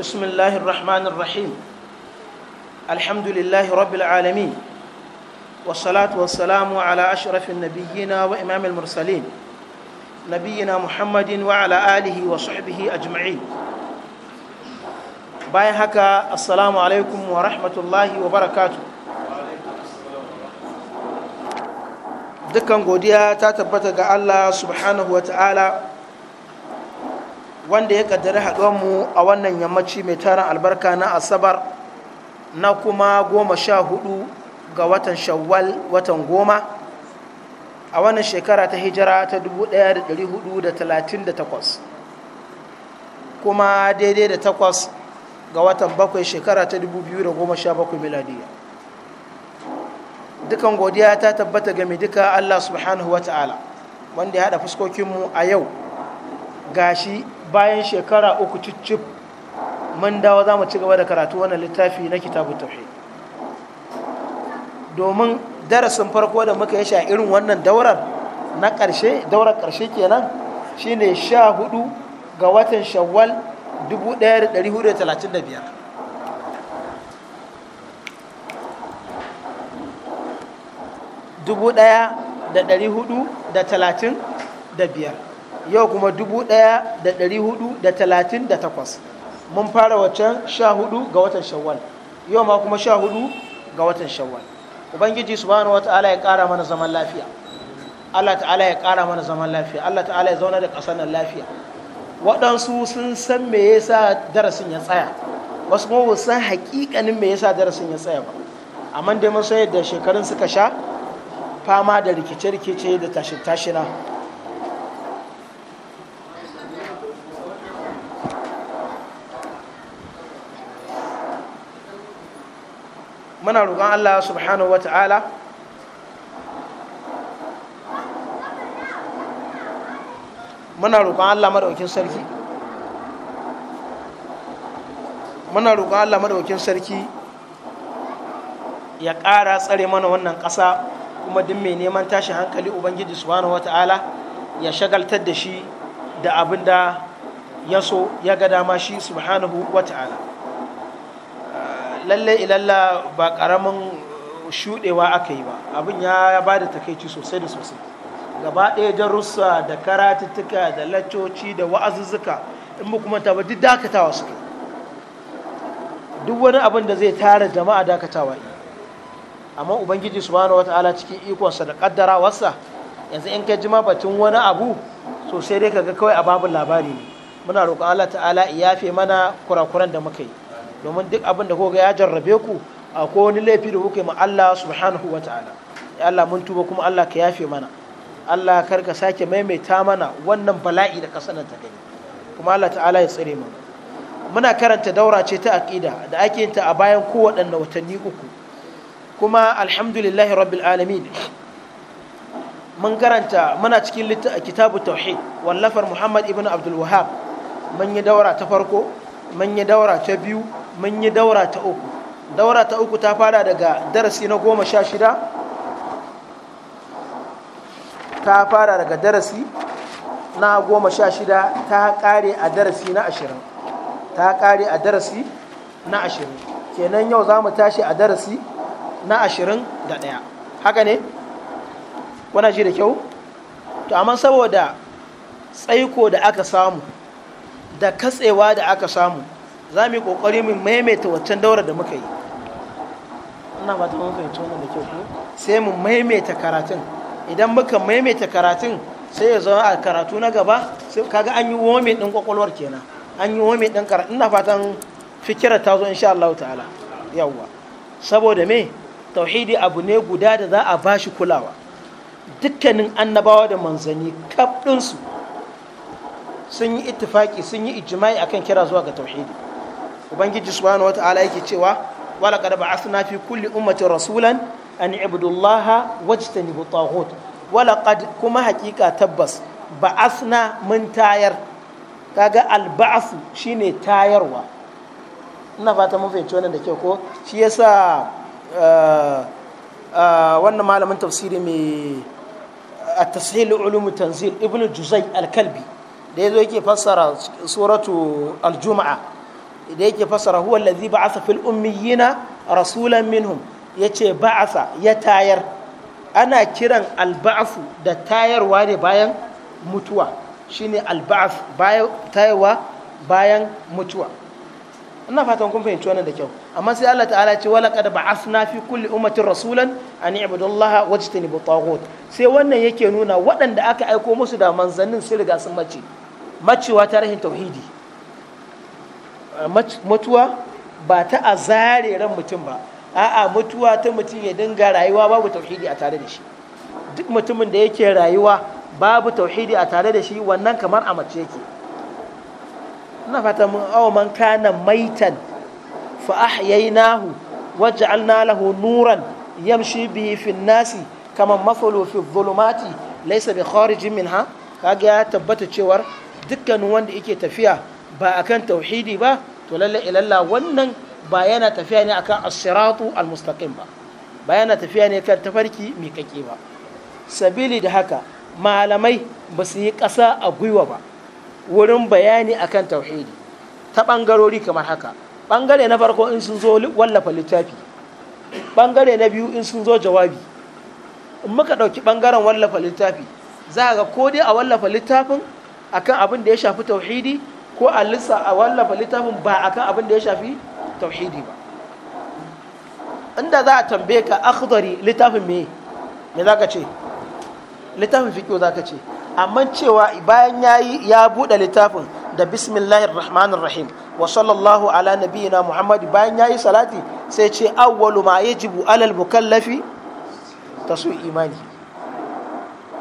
بسم الله الرحمن الرحيم الحمد لله رب العالمين والصلاة والسلام على أشرف النبيين وإمام المرسلين نبينا محمد وعلى آله وصحبه أجمعين باين هكا السلام عليكم ورحمة الله وبركاته dukkan godiya ta tabbata ga Allah subhanahu wa ta'ala wanda ya kaddari mu a wannan yammaci mai taron albarka na asabar na kuma goma sha hudu ga watan shawwal watan goma a wannan shekara ta hijira ta 1438 kuma daidai da takwas ga watan bakwai shekara ta 2017 miladiya dukan godiya ta tabbata game duka allah subhanahu wa ta'ala wanda ya haɗa fuskokinmu a yau gashi bayan shekara uku cicif mun dawo za mu ci gaba da karatu wannan littafi na kitabu tafi domin darasin farko da muka yi sha irin wannan daurar na ƙarshe daurar karshe kenan shine sha hudu ga watan shawwal da 1435 yau kuma 1438 mun fara waccan 14 ga watan shawwal yau ma kuma 14 ga watan shawwal ubangiji subhanahu wata'ala ya kara mana zaman lafiya Allah ta'ala ya kara mana zaman lafiya Allah ta'ala ya zauna da ƙasar nan lafiya waɗansu sun san me yasa darasin ya tsaya wasu kuma sun san hakikanin me yasa darasin ya tsaya ba amma dai mun san yadda shekarun suka sha fama da rikice-rikice da tashin-tashina muna roƙon Allah subhanahu wata'ala muna roƙon Allah madaukin sarki muna roƙon Allah madaukin sarki ya ƙara tsare mana wannan ƙasa kuma duk mai neman tashi hankali ubangiji subhanahu wata'ala ya shagaltar da shi da abin da ya so ya ga dama shi subhanahu wata'ala lalle ilalla ba karamin shudewa aka yi ba abin ya ba da takaici sosai da sosai gaba ɗaya darussa da karatuttuka da lacoci da wa'azuzzuka in ba kuma ba duk dakatawa suke duk wani abin da zai tara jama'a dakatawa yi amma ubangiji su subhanahu wata'ala cikin ikonsa da kaddara wasa yanzu in kai jima batun wani abu sosai dai kaga kawai a babin labari ne muna roƙon Allah ta'ala ya yafe mana kurakuran da muka yi domin duk abin da koga ya jarrabe ku ko wani laifi da kuka yi ma Allah subhanahu wa ta'ala ya Allah mun tuba kuma Allah ka yafe mana Allah kar ka sake maimaita mana wannan bala'i da kasanar ta gani kuma Allah ta'ala ya tsire mana muna karanta daura ce ta aqida da ake yin ta a bayan kowaɗanne watanni uku kuma alhamdulillahi rabbil alamin mun karanta muna cikin kitabu tauhid wallafar Muhammad ibn Abdul Wahhab mun yi daura ta farko mun yi daura ta biyu mun yi daura ta uku daura ta uku ta fara daga darasi na goma sha shida ta fara daga darasi na goma sha shida ta kare a darasi na ashirin ta kare a darasi na ashirin kenan yau za mu tashi a darasi na ashirin da ɗaya haka ne wana shi da kyau to amma saboda tsaiko da aka samu da katsewa da aka samu za mu yi ƙoƙari mu maimaita waccan daura da muka yi ina ba ta muka yi da kyau ko sai mu maimaita karatun idan muka maimaita karatun sai ya zama a karatu na gaba sai kaga an yi wome ɗin kwakwalwar kenan an yi wome ɗin karatu ina fatan fikirar ta zo insha Allah ta'ala yawwa saboda me tauhidi abu ne guda da za a bashi kulawa dukkanin annabawa da Manzani kaf su sun yi ittifaki sun yi ijma'i akan kira zuwa ga tauhidi ubangiji subhanahu wata'ala yake cewa wala qad ba'athna fi kulli ummatin rasulan an ibudullaha wajtanibu taghut wala qad kuma hakika tabbas ba'athna mun tayar kaga alba'asu shine tayarwa ina fata mun fahimci wannan da kyau ko shi yasa eh, eh, wannan malamin tafsiri mai at-tashil ulum tanzil ibnu juzai al-kalbi da zo yake fassara suratu aljuma'a da yake fassara huwa allazi ba'atha fil ummiyina rasulan minhum yace ba'asa ya tayar ana kiran alba'afu da tayarwa ne bayan mutuwa shine alba'af bayan tayarwa bayan mutuwa ina fatan kun fahimci wannan da kyau amma sai Allah ta'ala ce wala qad ba'athna fi kulli ummatin rasulan an i'budu allaha wajtanibu taghut sai wannan yake nuna waɗanda aka aiko musu da manzannin sun riga sun mace macewa tauhidi mutuwa ba ta a zare ran mutum ba a'a mutuwa ta mutum ya dinga rayuwa babu tauhidi a tare da shi duk mutumin da yake rayuwa babu tauhidi a tare da shi wannan kamar a mace yake na fata mun awa man kana maitan fa ahyaynahu waj'alna lahu nuran yamshi bihi fi nasi kama mathalu fi dhulumati laysa bi kharijin minha kaga ya tabbata cewar dukkanin wanda yake tafiya ba akan tauhidi ba to lalle ilalla eh, wannan ba yana tafiya ne akan as-siratu al-mustaqim ba ba yana tafiya ne kan tafarki kake ba sabili da haka malamai ba su yi ƙasa a gwiwa ba wurin bayani akan tauhidi ta ɓangarori kamar haka bangare na farko in sun zo wallafa littafi ɓangare na biyu in sun zo jawabi in muka ɗauki ɓangaren wallafa littafi za ga ko dai a wallafa littafin akan abin da ya shafi tauhidi ko a wallafa littafin ba akan abin da ya shafi tauhidi ba inda za a tambaye ka akhdari littafin me me za ka ce littafin fiƙo za ka ce amma cewa bayan ya yi ya buɗe littafin da bismillahir rahmanir rahim wa sallallahu ala nabiyyina muhammad bayan ya yi salati sai ce awwalu ma yajibu alal mukallafi tasu imani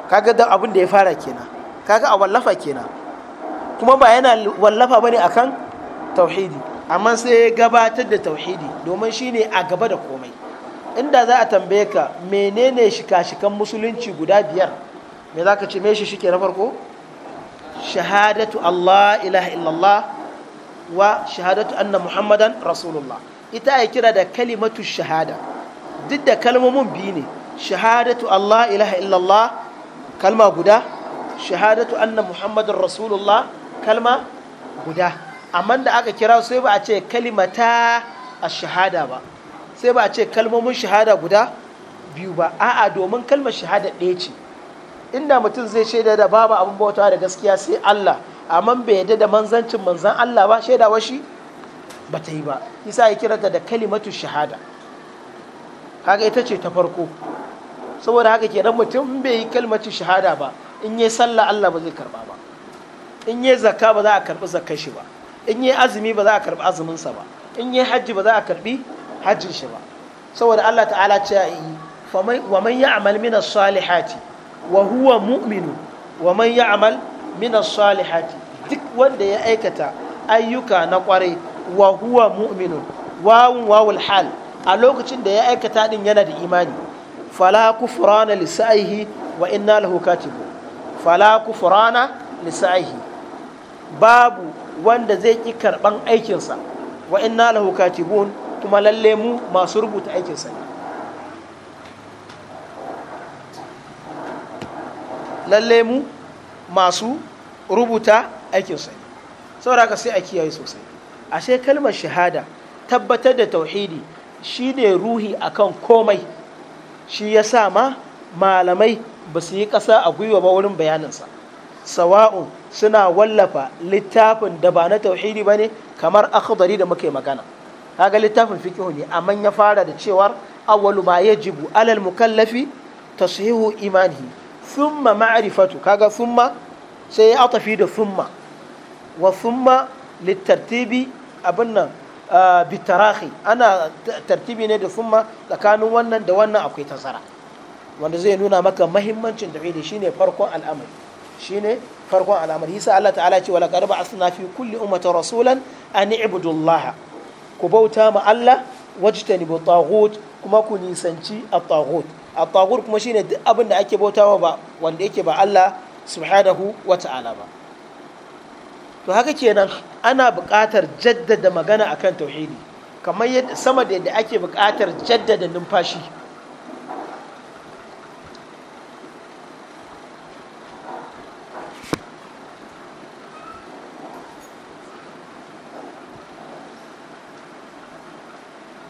kaga da abin da ya fara kenan kaga a wallafa kenan kuma ba yana wallafa bane akan tauhidi amma sai gabatar da tauhidi domin shine a gaba da komai inda za a tambaye ka menene shika-shikan musulunci guda biyar me zaka ka ce me shi shike na farko shahadatu Allah ilaha illallah wa shahadatu anna muhammadan rasulullah ita a kira da kalimatu shahada duk da kalmomin biyu ne shahadatu Allah ilaha illallah kalma guda shahadatu anna muhammadin rasulullah kalma guda amma da aka kira sai ba a ce kalimata a shahada ba sai ba a ce kalmomin shahada guda biyu ba a'a domin kalmar shahada ɗaya ce inda mutum zai shaida da babu abin bauta da gaskiya sai Allah amma bai yadda da manzancin manzan Allah ba shaida shi ba ta yi ba isa ya ta da kalimatu shahada haka ita ce ta farko saboda haka kenan mutum bai yi kalmatu shahada ba in yi sallah Allah ba zai karba ba in yi zakka ba za a karbi zakkar shi ba in yi azumi ba za a karbi azumin sa ba in yi hajji ba za a karbi hajjin shi ba saboda Allah ta'ala ce a yi wa man ya'mal min as-salihati wa huwa mu'minu wa man ya'mal min as-salihati duk wanda ya aikata ayyuka na kwarai wa huwa mu'minun wawun wawul hal a lokacin da ya aikata din yana da imani fala kufrana li wa inna lahu katibun fala kufrana lisaihi babu wanda zai ki karban aikinsa wa inna lahu katibun kuma lalle mu masu rubuta aikinsa lalle mu masu rubuta aikinsa haka sai a kiyaye sosai ashe kalmar shahada tabbatar da tauhidi shine ruhi akan komai shi ya sa ma malamai ba su yi ƙasa a gwiwa ba wurin bayaninsa sawa'un suna wallafa littafin da ba na tauhidi ba ne kamar akhdari da muke magana kaga littafin fikihu ne amma ya fara da cewar awwalu ma yajibu alal mukallafi tashihu imanihi thumma ma'rifatu kaga thumma sai ya atafi da thumma wa thumma littartibi abin ah, bitarahi ana tartibi ne da thumma tsakanin wannan da wannan akwai tasara wanda zai nuna maka mahimmancin tauhidi shine farkon al'amari shine farkon al'amari yasa Allah ta'ala ce wala qarba asna fi kulli ummatin rasulan an ibudullah ku bauta ma Allah wajtanibu taghut kuma ku nisanci at-taghut at-taghut kuma shine duk abin da ake bautawa ba wanda yake ba Allah subhanahu wa ta'ala ba to haka kenan ana buƙatar jaddada magana akan tauhidi kamar sama da yadda ake buƙatar jaddada numfashi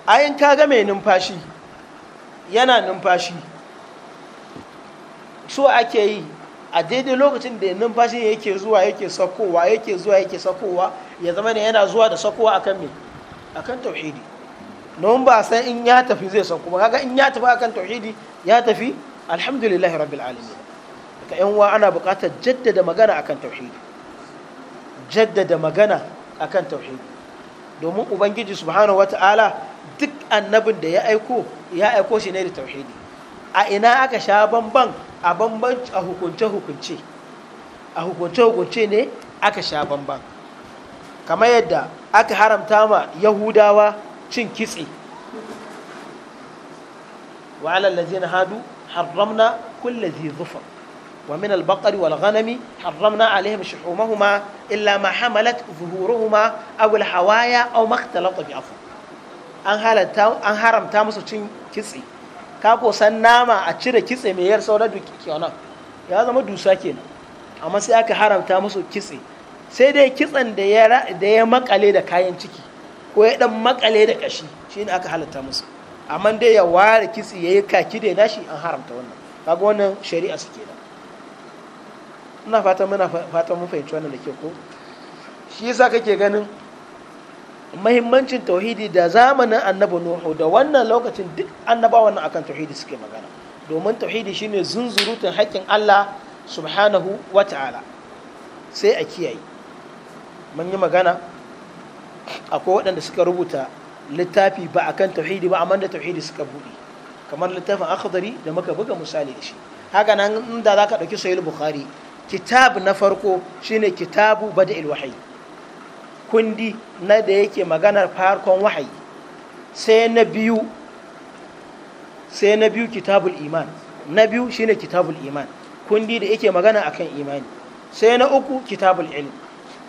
ayin kaga mai numfashi yana numfashi so ake yi a daidai lokacin da numfashin yake zuwa yake sakowa yake zuwa yake sakowa ya zama ne yana zuwa da sakowa akan me akan tauhidi don ba san in ya tafi zai sauko ba kaga in ya tafi akan tauhidi ya tafi alhamdulillah rabbil alamin ka yan uwa ana buƙatar jaddada magana akan tauhidi jaddada magana akan tauhidi domin ubangiji subhanahu wata'ala duk annabin da ya aiko ya aiko shi ne da tauhidi a ina aka sha bamban a bamban a hukunce hukunce a hukunce hukunce ne aka sha bamban kamar yadda aka haramta ma yahudawa cin kitse wa alal ladzina hadu harramna kulli dhi dhufr ومن البقر والغنم حرمنا عليهم شحومهما إلا ما حملت ظهورهما أو الحوايا أو ما اختلط بعفو an halatta an haramta musu cin kitse ka ko san nama a cire kitse mai yar sauran duk kenan ya zama dusa kenan amma sai aka haramta musu kitse sai dai kitsen da ya da ya makale da kayan ciki ko ya dan makale da kashi shine aka halatta musu amma dai ya ware kitse yayi kaki da nashi an haramta wannan kaga wannan shari'a su kenan ina fata muna fata mun fahimci wannan da ke ko shi yasa kake ganin mahimmancin tauhidi da zamanin annabi nuhu da wannan lokacin duk annabawan nan akan tauhidi suke magana domin tauhidi shine zunzurutun haƙƙin Allah subhanahu wa ta'ala sai a kiyaye mun yi magana akwai waɗanda suka rubuta littafi ba kan tauhidi ba amma da tauhidi suka buɗe kamar littafin akhdari da muka buga misali da shi haka nan inda ka ɗauki sahih bukhari kitab na farko shine kitabu bada'il wahyi kundi na da yake maganar farkon wahayi sai na biyu sai na biyu kitabul iman na biyu shine kitabul iman kundi da yake magana akan imani sai na uku kitabul ilm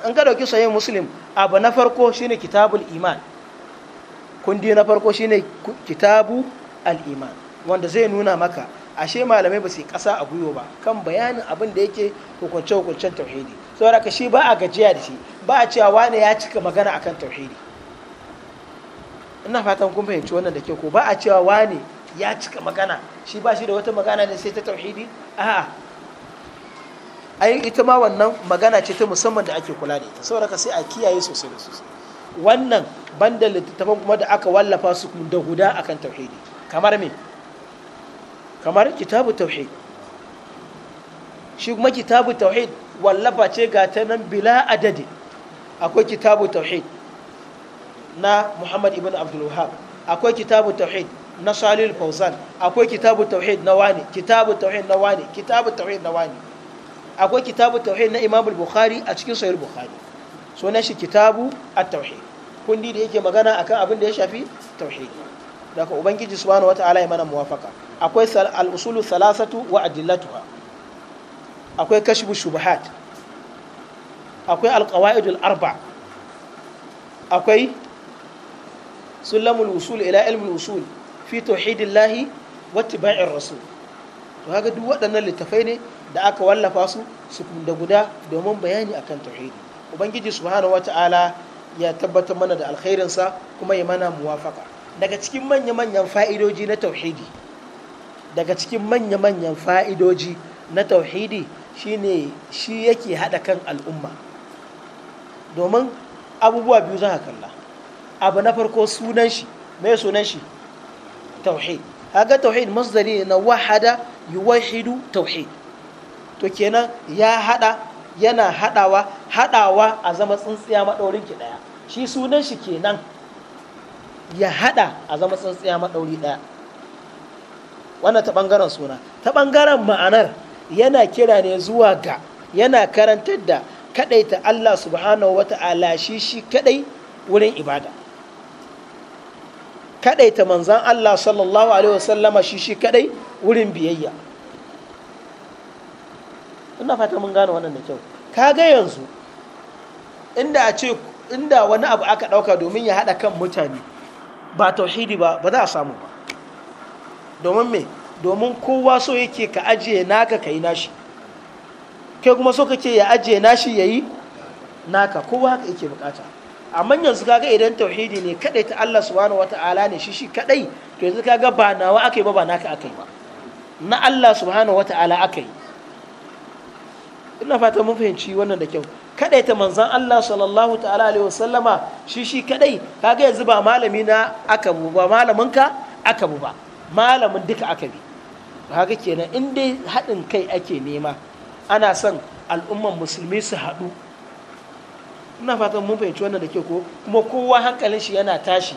an ka dauki sahih muslim abu na farko shine kitabul iman kundi na farko shine kitabu al iman wanda zai nuna maka ashe malamai ba su kasa a gwiwa ba kan bayanin abin da yake hukunce hukuncen tauhidi saboda ka shi ba a gajiya da shi ba a cewa wane ya cika magana akan tauhidi ina fatan kun fahimci wannan da ke ko ba a cewa wane ya cika magana shi ba shi da wata magana ne sai ta tauhidi a'a ai ita ma wannan magana ce ta musamman da ake kula da ita saboda ka sai a kiyaye sosai da sosai wannan banda littattafan kuma da aka wallafa su da guda akan tauhidi kamar me kamar kitabu tauhid shi kuma kitabu tauhid wallafa ce ga ta nan bila adadi akwai kitabu tauhid na muhammad ibn abdul wahab akwai kitabu tauhid na salil fauzan akwai kitabu tauhid na wani kitabu tauhid na wani kitabu tauhid na wani akwai kitabu tauhid na imam bukhari a cikin sahih bukhari sunan shi kitabu at-tauhid kundi da yake magana akan abin da ya shafi tauhid daga ubangiji subhanahu wata'ala ya mana muwafaka akwai al-usulu thalathatu wa adillatuha akwai kashibu shubahat akwai alqawaidul arba akwai sulamul usul ila ilmul usul fi tauhidillahi wata ittiba'ir rasul to haka duk waɗannan littafai ne da aka wallafa su su kunda guda domin bayani akan tauhidi ubangiji subhanahu ta'ala ya tabbatar mana da alkhairinsa kuma ya mana muwafaka daga cikin manya-manyan fa'idoji na tauhidi daga cikin manya-manyan fa'idoji na tauhidi shine shi yake haɗa kan al'umma domin abubuwa biyu za a kalla abu na farko sunan shi mai sunan shi tauhid haka tauhid masdari na wahada yi wahidu tauhid to kenan ya hada yana hadawa hadawa a zama tsintsiya maɗaurin ki ɗaya shi sunan shi kenan ya haɗa a zama tsintsiya maɗauri ɗaya wannan ta ɓangaren suna ta ɓangaren ma'anar yana kira ne zuwa ga yana karantar da kadaita Allah subhanahu wa ta'ala shi shi kadai wurin ibada kadaita manzan Allah sallallahu alaihi wasallama shi shi kadai wurin biyayya ina fata mun gane wannan da kyau kaga yanzu inda a ce inda wani abu aka dauka domin ya hada kan mutane ba tauhidi ba ba za a samu ba domin me domin kowa so yake ka ajiye naka ka yi nashi kai kuma so kake ya ajiye nashi ya yi naka kowa haka yake bukata amma yanzu kaga idan tauhidi ne kadai ta Allah subhanahu wata'ala ne shi shi kadai to yanzu kaga ba nawa akai ba ba naka akai ba na Allah subhanahu wata'ala akai ina fata mun fahimci wannan da kyau kadai ta manzon Allah sallallahu ta'ala alaihi wasallama shi shi kadai kaga yanzu ba malami na aka bu ba malamin ka aka bu ba malamin duka aka bi haka kenan in dai haɗin kai ake nema ana son al'umman musulmi su haɗu ina fatan mun fahimci wannan da ke ko kuma kowa hankalin shi yana tashi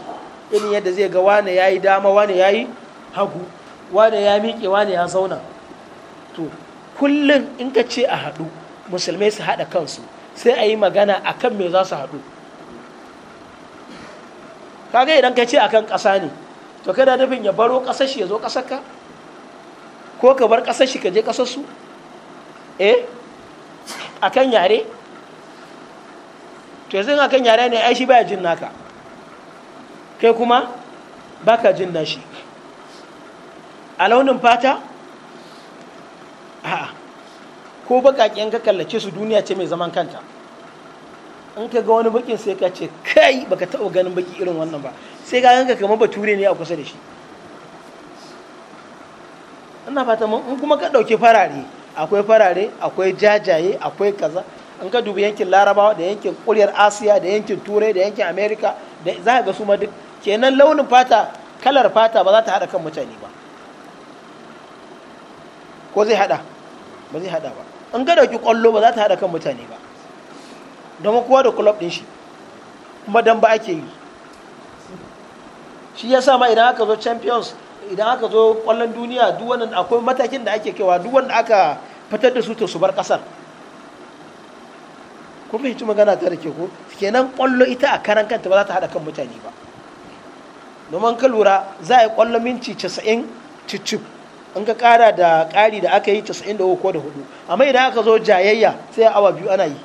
irin yadda zai ga wane yi dama wane yi hagu wane ya miƙe wane ya zauna to kullum in ka ce a haɗu musulmai su haɗa kansu sai a yi magana a kan me za su haɗu kaga idan ka ce a kan ƙasa ne to kada nufin ya baro ƙasar shi ya zo ƙasar ka ko ka bar ƙasar shi ka je ƙasar su eh akan yare to yanzu akan yare ne ai shi baya jin naka kai kuma baka jin shi. a launin fata a'a ko baƙaƙen ka kallace su duniya ce mai zaman kanta in ka ga wani bakin sai ka ce kai baka taɓa ganin baki irin wannan ba sai ka ganka kamar bature ne a kusa da shi ina fata mun kuma ka ɗauki farare akwai farare akwai jajaye akwai kaza in ka dubi yankin larabawa da yankin kuryar asiya da yankin turai da yankin amerika da za ka ga su ma duk kenan launin fata kalar fata ba za ta haɗa kan mutane ba ko zai haɗa ba zai haɗa ba in ka dauki kwallo ba za ta haɗa kan mutane ba don kowa da kulob din shi kuma dan ba ake yi shi ya sa ma idan aka zo champions idan aka zo kwallon duniya duk wannan akwai matakin da ake kaiwa duk wanda aka fitar da su to su bar kasar ko fahimci magana ta da ke ko kenan kwallo ita a karan kanta ba za ta hada kan mutane ba domin ka lura za a yi kwallo minci 90 cicip an ka kara da kari da aka yi 93 ko da hudu amma idan aka zo jayayya sai awa biyu ana yi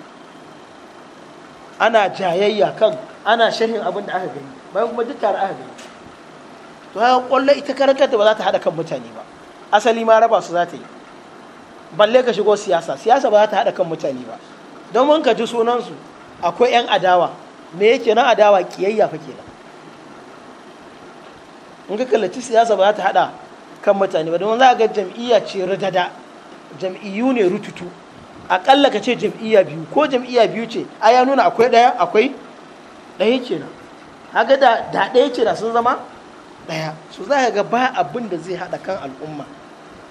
ana jayayya kan ana sharhin abin da aka gani bayan kuma duk tare aka gani to ya kwallo ita da ba za ta haɗa kan mutane ba asali ma raba su za ta yi balle ka shigo siyasa siyasa ba za ta haɗa kan mutane ba don domin ka ji sunansu akwai 'yan adawa me yake na adawa kiyayya fa ke in ka kallaci siyasa ba za ta haɗa kan mutane ba domin za ga jam'iyya ce rudada jam'iyyu ne rututu aƙalla ka ce jam'iyya biyu ko jam'iyya biyu ce a ya nuna akwai ɗaya akwai ɗaya kenan haka da ɗaya ce da sun zama ɗaya su za ga ba abin da zai haɗa kan al'umma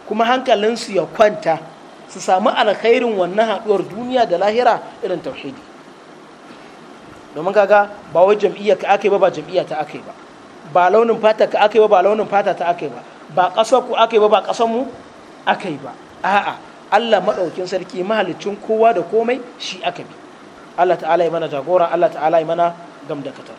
kuma hankalinsu ya kwanta su samu alkhairin wannan haɗuwar duniya da lahira irin tauhidi domin kaga ba wai jam'iyya ka aka yi ba ba jam'iyya ta aka yi ba ba launin fata ka aka yi ba ba launin fata ta aka yi ba ba ƙasar ku aka yi ba ba ƙasar mu aka yi ba a'a Allah maɗaukin sarki mahalicin kowa da komai shi aka bi Allah ta'ala ya mana jagora Allah ta'ala ya mana gamdakatar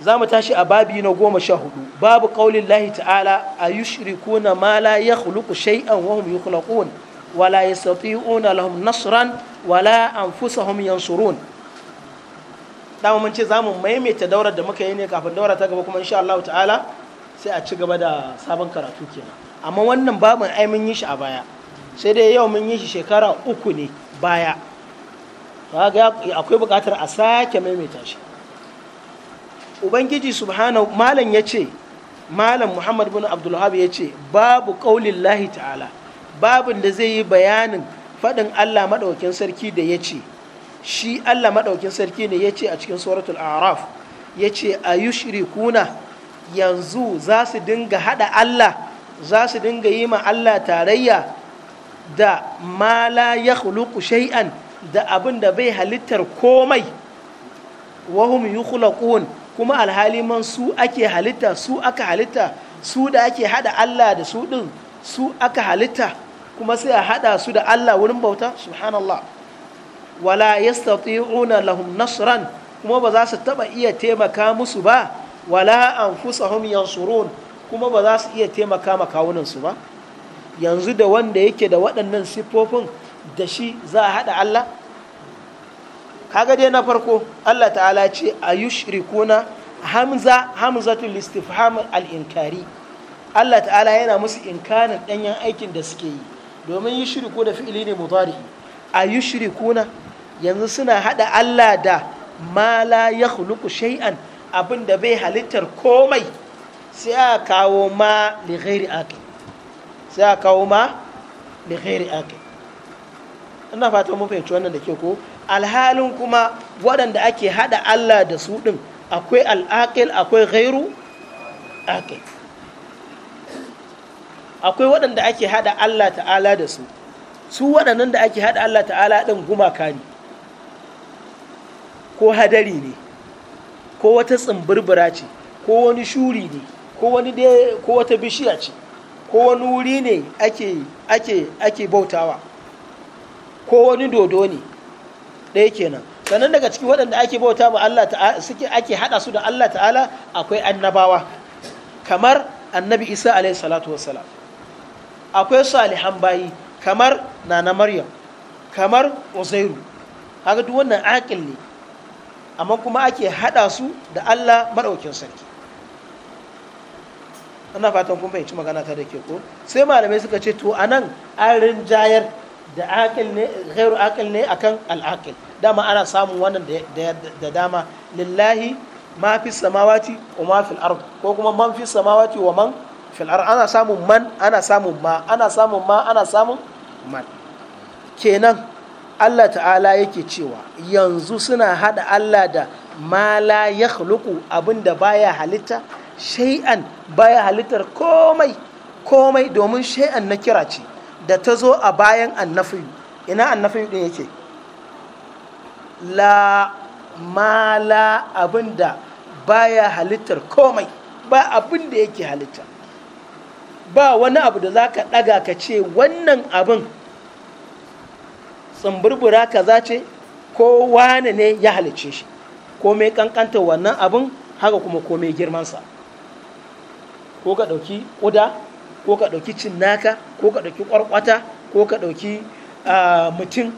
za mu tashi a babi na goma sha hudu babu kaulin lahi ta'ala a yi shiriku na ma la ya khuluku yi wa hum wala ya la una lahum nasran wa la anfusahum yansurun dama mun ce zamu maimaita daurar da muka yi ne kafin daura ta gaba kuma insha Allah ta'ala sai a ci gaba da sabon karatu kenan amma wannan babin ai mun yi shi a baya sai dai yau mun yi shi shekara uku ne baya akwai bukatar a sake maimaita shi ubangiji subhanahu malam ya ce malam muhammad bin abdulhab ya ce babu ƙaulin lahi ta'ala babin da zai yi bayanin faɗin allah maɗaukin sarki da ya ce shi allah maɗaukin sarki ne ya ce a cikin suratul araf ya ce a kuna yanzu za su dinga haɗa allah za su dinga yi ma allah tarayya da ma la ya shay'an da abin da bai halittar komai wahum yukhlaqun kuma alhali man su ake halitta su aka halitta su da ake hada Allah da su din su aka halitta kuma sai a hada su da Allah wurin bauta subhanallah wala yastati'una lahum nasran kuma ba za su taba iya taimaka musu ba wala anfusahum yansurun kuma ba za su iya taimaka ma kawunan su ba yanzu da wanda yake da waɗannan siffofin da shi za a hada Allah kaga dai na farko Allah ta'ala ce a yushrikuna hamza hamzatul istifham al-inkari Allah ta'ala yana musu inkarin danyen aikin da suke yi domin yushriku da fi'ili ne mudari a yushrikuna yanzu suna hada Allah da ma la yakhluqu shay'an abin da bai halittar komai sai a kawo ma li ghairi sai a kawo ma li ghairi ina fata mun fahimci wannan da ke ko alhalin kuma waɗanda ake haɗa Allah da su ɗin akwai al'aƙil akwai ghairu aƙil akwai waɗanda ake haɗa Allah ta'ala da su su waɗannan da ake haɗa Allah ta'ala ɗin gumaka ne ko hadari ne ko wata tsimbirbira ce ko wani shuri ne ko wani ko wata bishiya ce ko wani wuri ne ake ake ake bautawa ko wani dodo ne ɗaya kenan sannan daga cikin waɗanda ake bauta ma Allah ta'ala suke ake hada su da Allah ta'ala akwai annabawa kamar annabi Isa alaihi salatu wassalam akwai salihan bayi kamar nana Maryam kamar Uzairu haka duk wannan aqil ne amma kuma ake hada su da Allah madaukin sarki ana fatan kun fahimci magana ta da ke ko sai malamai suka ce to anan an rinjayar da akil ne ghairu aqil ne akan al'akil aqil dama ana samun wannan da dama lillahi ma fi samawati wa ma fil ard ko kuma man fi samawati wa man fil ard ana samun man ana samun ma ana samun ma ana samun man kenan Allah ta'ala yake cewa yanzu suna hada Allah da ma la yakhluqu abinda baya halitta shay'an baya halittar komai komai domin shay'an na kira ce da ta zo a bayan annafi ina annafi din yake la mala abinda baya halittar komai ba abin da yake halitta ba wani abu da za ka ɗaga ka ce wannan abin tsumburbura kaza ce ko wane ne ya halicce shi komai kankanta wannan abin haka kuma komai girmansa ko ka ɗauki ƙuda ko ka ɗauki cin naka, ko ka ɗauki ƙwarƙwata ko ka ɗauki mutum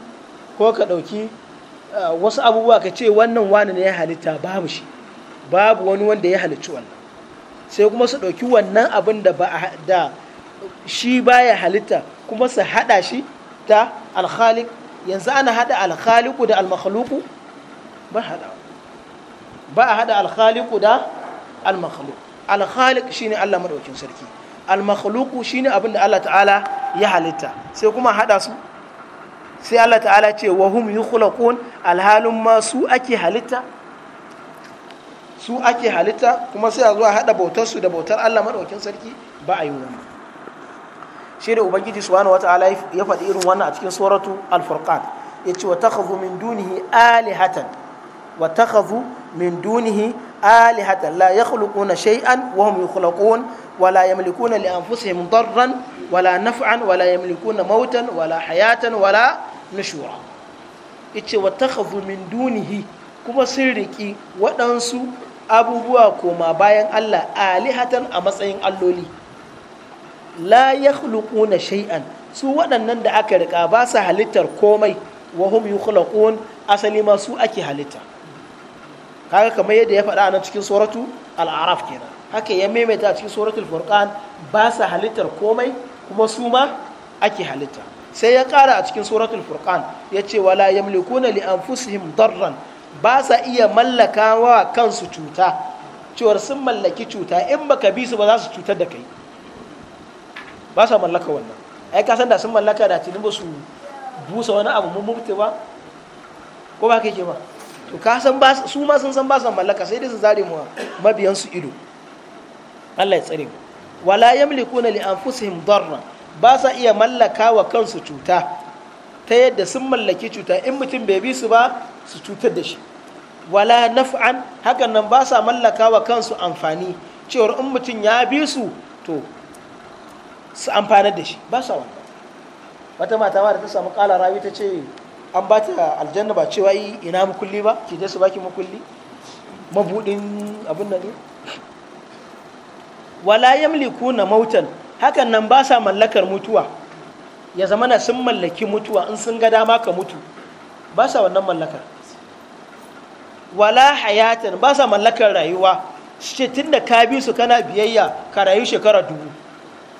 ko ka ɗauki wasu abubuwa ka ce wannan wani ne ya halitta babu shi babu wani wanda ya halicci wannan sai kuma su ɗauki wannan abin da ba da shi baya halitta kuma su haɗa shi ta alhalik yanzu ana haɗa alhaliku da almakhaluku ba haɗa ba a haɗa alhaliku da almakhluku shi shine Allah madaukin sarki al shine abin da Allah ta'ala ya halitta sai kuma hada su sai Allah ta'ala ce wa hum yukhlaqun alhalun ma su ake halitta su ake halitta kuma sai a zuwa hada bautar su da bautar Allah madaukakin sarki ba a yi wani shi da ubangiji subhanahu wata'ala ya faɗi irin wannan a cikin suratu al-furqan yace wa takhadhu min dunihi alihatan wa takhadhu min dunihi آلهة لا يخلقون شيئا وهم يخلقون ولا يملكون لأنفسهم ضرا ولا نفعا ولا يملكون موتا ولا حياة ولا نشورا إتش واتخذوا من دونه كما سيركي ودنسو abubuwa koma bayan Allah alihatan a matsayin alloli la ya na shay'an su waɗannan da aka riƙa ba su halittar komai wa hum yukhlaqun asali ma su ake halitta kaga kamar yadda ya faɗa a nan cikin suratu al'araf kenan haka ya maimaita a cikin suratul furqan ba sa halittar komai kuma su ma ake halitta sai ya ƙara a cikin suratul furqan ya ce wala yamlikuna li anfusihim darran ba sa iya mallakawa kansu cuta cewar sun mallaki cuta in baka bi su ba za su cutar da kai ba sa mallaka wannan ai ka san da sun mallaka da tuni ba su busa wani abu mun mubti ba ko ba kake ba to ka san ba su ma sun san ba su mallaka sai dai su zare mu mabiyan su ido Allah ya tsare wala yamlikuna li anfusihim darra ba sa iya mallaka wa kansu cuta ta yadda sun mallaki cuta in mutum bai bi su ba su cutar da shi wala naf'an hakan nan ba sa mallaka wa kansu amfani cewar in mutum ya bi su to su amfanar da shi ba sa wannan wata mata ma ta samu kala rawi ta ce an ba ta aljanna ba cewa yi ina mukulli ba ke su baki mukulli mabudin abin da ne wala yamliku na mautan hakan nan ba sa mallakar mutuwa ya zama na sun mallaki mutuwa in sun ga dama ka mutu ba sa wannan mallakar wala hayatan ba sa mallakar rayuwa ce tun da ka bi su kana biyayya ka rayu shekara dubu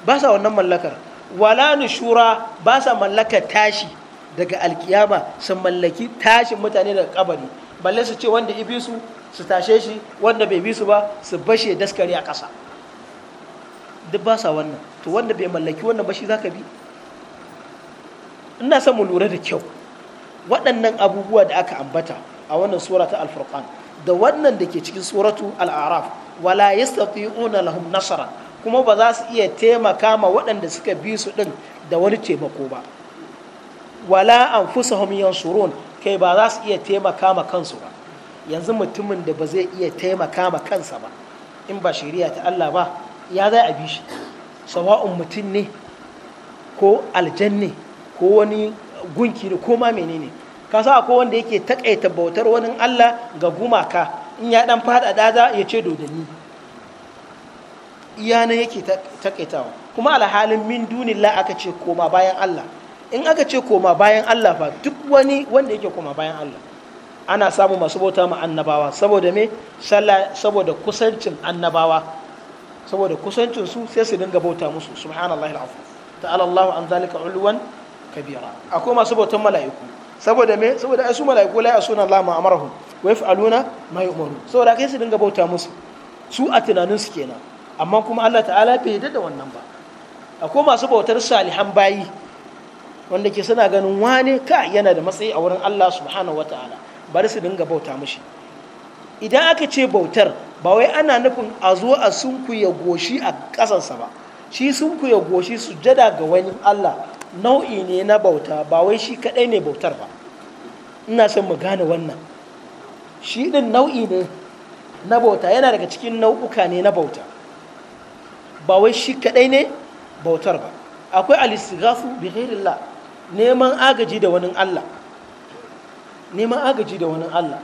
ba sa wannan mallakar wala nushura ba sa mallakar tashi daga alkiyama su mallaki tashin mutane daga kabari balle su ce wanda ibi su su tashe shi wanda bai bi su ba su bashe daskari a ƙasa duk ba sa wannan to wanda bai mallaki wannan ba shi ka bi ina son mu lura da kyau waɗannan abubuwa da aka ambata a wannan sura ta alfurqan da wannan da ke cikin suratu al-araf wala yastati'una lahum nasara kuma ba za su iya taimaka ma waɗanda suka bi su ɗin da wani taimako ba wala an anfusahum yansurun kai ba za su iya taimaka ma kansu ba yanzu mutumin da ba zai iya taimaka ma kansa ba in ba shari'a ta Allah ba ya zai abi shi sawa'un mutum ne ko aljan ne ko wani gunki ne ko ma menene ka sa akwai wanda yake takaita bautar wani Allah ga gumaka in ya dan fada daza ya ce dodanni iyana yake takaitawa kuma alhalin min dunillah aka ce koma bayan Allah in aka ce koma bayan Allah fa duk wani wanda yake koma bayan Allah ana samu masu bauta ma annabawa saboda me saboda kusancin annabawa saboda kusancin su sai su dinga bauta musu subhanallahi al'afu ta'ala Allah an zalika ulwan kabira akwai masu bautan mala'iku saboda me saboda ai su mala'iku la yasuna Allah ma amarahum wa yaf'aluna ma yu'maru saboda kai su dinga bauta musu su a tunanin su kenan amma kuma Allah ta'ala bai yarda da wannan ba akwai masu bautar salihan bayi wanda ke suna ganin wani ka yana da matsayi a wurin Allah subhanahu ta'ala bari su dinga bauta mishi idan aka ce bautar ba wai ana nufin a zo a sunkuya goshi a ƙasansa ba shi sunkuya goshi jada ga wani Allah nau'i ne na bauta ba wai shi kaɗai ne bautar ba ina son mu gane wannan shi ɗin nau'i ne na bauta yana daga cikin nau'uka ne na bauta ba wai shi kaɗai ne bautar ba akwai alistigafu bi ghairillah neman agaji da wani Allah neman agaji da wani Allah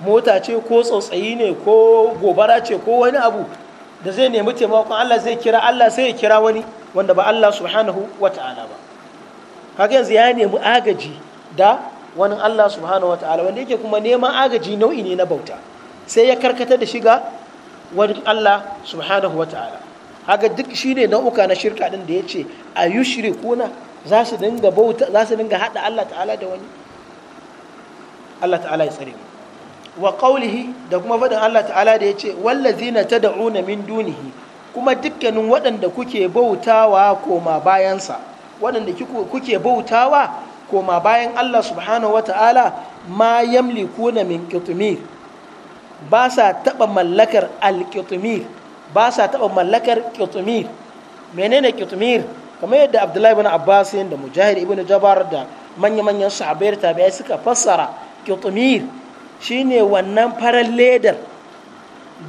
mota ce ko tsautsayi ne ko gobara ce ko wani abu da zai nemi taimakon Allah zai kira Allah sai ya kira wani wanda ba Allah subhanahu wa ta'ala ba kaga yanzu ya nemi agaji da wani Allah subhanahu wa ta'ala wanda yake kuma neman agaji nau'i ne na bauta sai ya karkata da shiga wani Allah subhanahu wa ta'ala haka duk shine nau'uka na shirka din da yace ayushrikuna za su dinga bauta za su dinga Allah ta'ala da wani Allah ta'ala ya tsare wa qawlihi da kuma faɗin Allah ta'ala da yace wallazina tad'una min dunihi kuma dukkanin waɗanda kuke bautawa koma bayansa waɗanda kuke bautawa koma bayan Allah subhanahu wata'ala ma yamlikuna min qitmir ba sa taɓa mallakar al-qitmir ba sa taɓa mallakar qitmir menene qitmir kamar yadda abdullahi ibn abbas da mujahid ibn jabar da manya-manyan sahabbai da suka fassara shi shine wannan farar ledar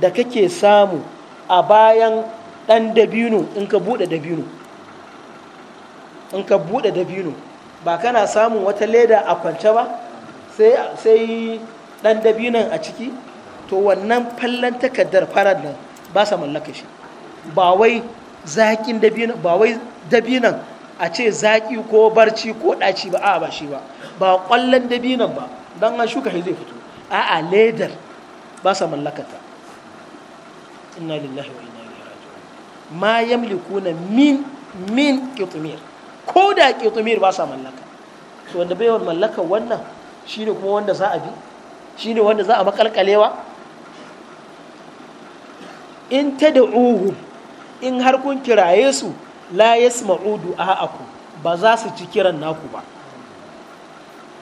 da kake samu a bayan dan dabino in ka bude dabino in ka bude dabino ba kana samun wata leda a kwance ba sai dan dabinon a ciki to wannan fallan takardar farar nan ba sa mallaka shi ba wai zaƙin dabinan ba wai dabinan a ce zaƙi ko barci ko ɗaci ba a ba shi ba ba ƙwallon dabinan ba don an shuka zai fito a'a ledar ba sa mallakata inna lillahi wa inna ilaihi raji'un ma yamlikuna min min qitmir ko da qitmir ba sa mallaka to wanda bai mallaka wannan shine kuma wanda za a bi shine wanda za a makalkalewa in tad'uhum in har kun kiraye su la yasma'u du'a'akum ba za su ci kiran naku ba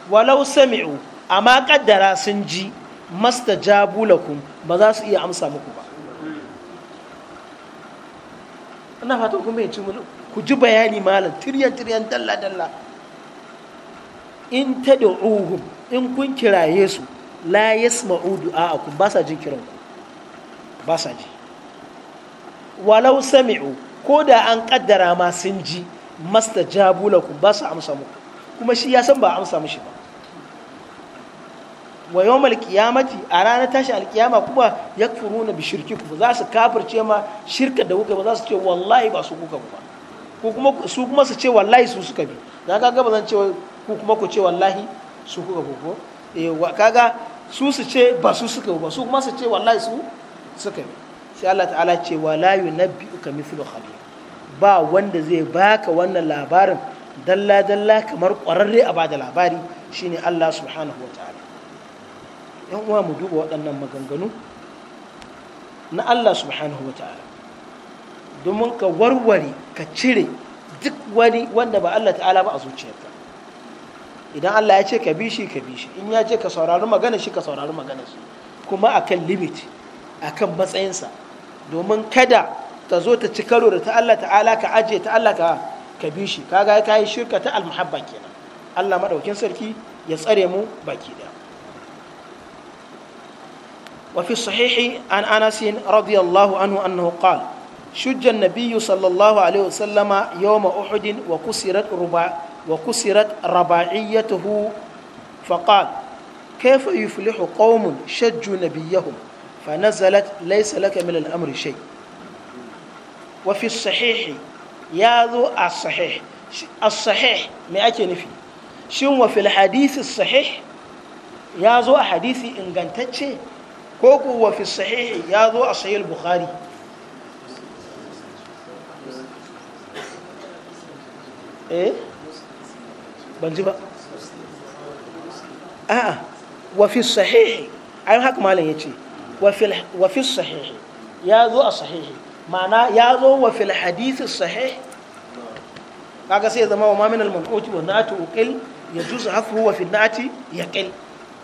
walau sami'u amma kaddara sun ji masta jabulakun ba za su iya amsa muku ba ina fata kun bai ci ku ji bayani malam tiryan tiryan dalla dalla in tad'uhum in kun kiraye su la yasma'u du'a'akum ba sa jin kiran ku ba sa ji walau sami'u ko da an kaddara ma sun ji masta ku ba su amsa muku kuma shi ya san ba amsa mushi ba wa yawm alqiyamati a ranar tashi alkiyama kuma yakfuruna bi shirkikum za su kafirce ma shirka da kuka ba za su ce wallahi ba su kuka ba ko kuma su kuma su ce wallahi su suka bi ka ga ba zan ce ku kuma ku ce wallahi su kuka ko eh kaga su su ce ba su suka ba su kuma su ce wallahi su suka bi sai Allah ta'ala ce wa la yunabbi'uka mithlu khabir ba wanda zai baka wannan labarin dalla dalla kamar kwararre a bada labari shine Allah subhanahu wataala yan uwa mu duba waɗannan maganganu na Allah subhanahu wataala domin ka warware ka cire duk wani wanda ba Allah ta'ala ba a zuciyarka idan Allah ya ce ka bi shi ka bi shi in ya ce ka saurari magana shi ka saurari magana shi kuma akan limit akan matsayinsa domin kada ta zo ta ci karo da ta Allah ta'ala ka aje ta Allah ka ka bi shi kaga ka yi shirka ta almuhabba kenan Allah madaukin sarki ya tsare mu baki da wa fi sahihi an Anas radiyallahu anhu annahu qala shujja an-nabiy sallallahu alaihi wasallama yawma uhud wa kusirat ruba wa kusirat rabaiyatuhu faqala كيف يفلح قوم شجوا نبيهم fa nazalat laysa laka min al-amri shay wa fi sahih ya zo ake nufi shin wa fil hadith sahih ya zo a hadisi ingantacce ko kuwa fi sahih ya zo a sahih al-bukhari eh ban ji ba a'a wa fi sahih ai haka malam yace wa fi sahihi ya zo a sahihi ma'ana ya zo wa fil hadisi sahihi kaga sai zama wa mamin al mankoti wa na'atu uqil ya yajuzu hafu wa fi na'ati qil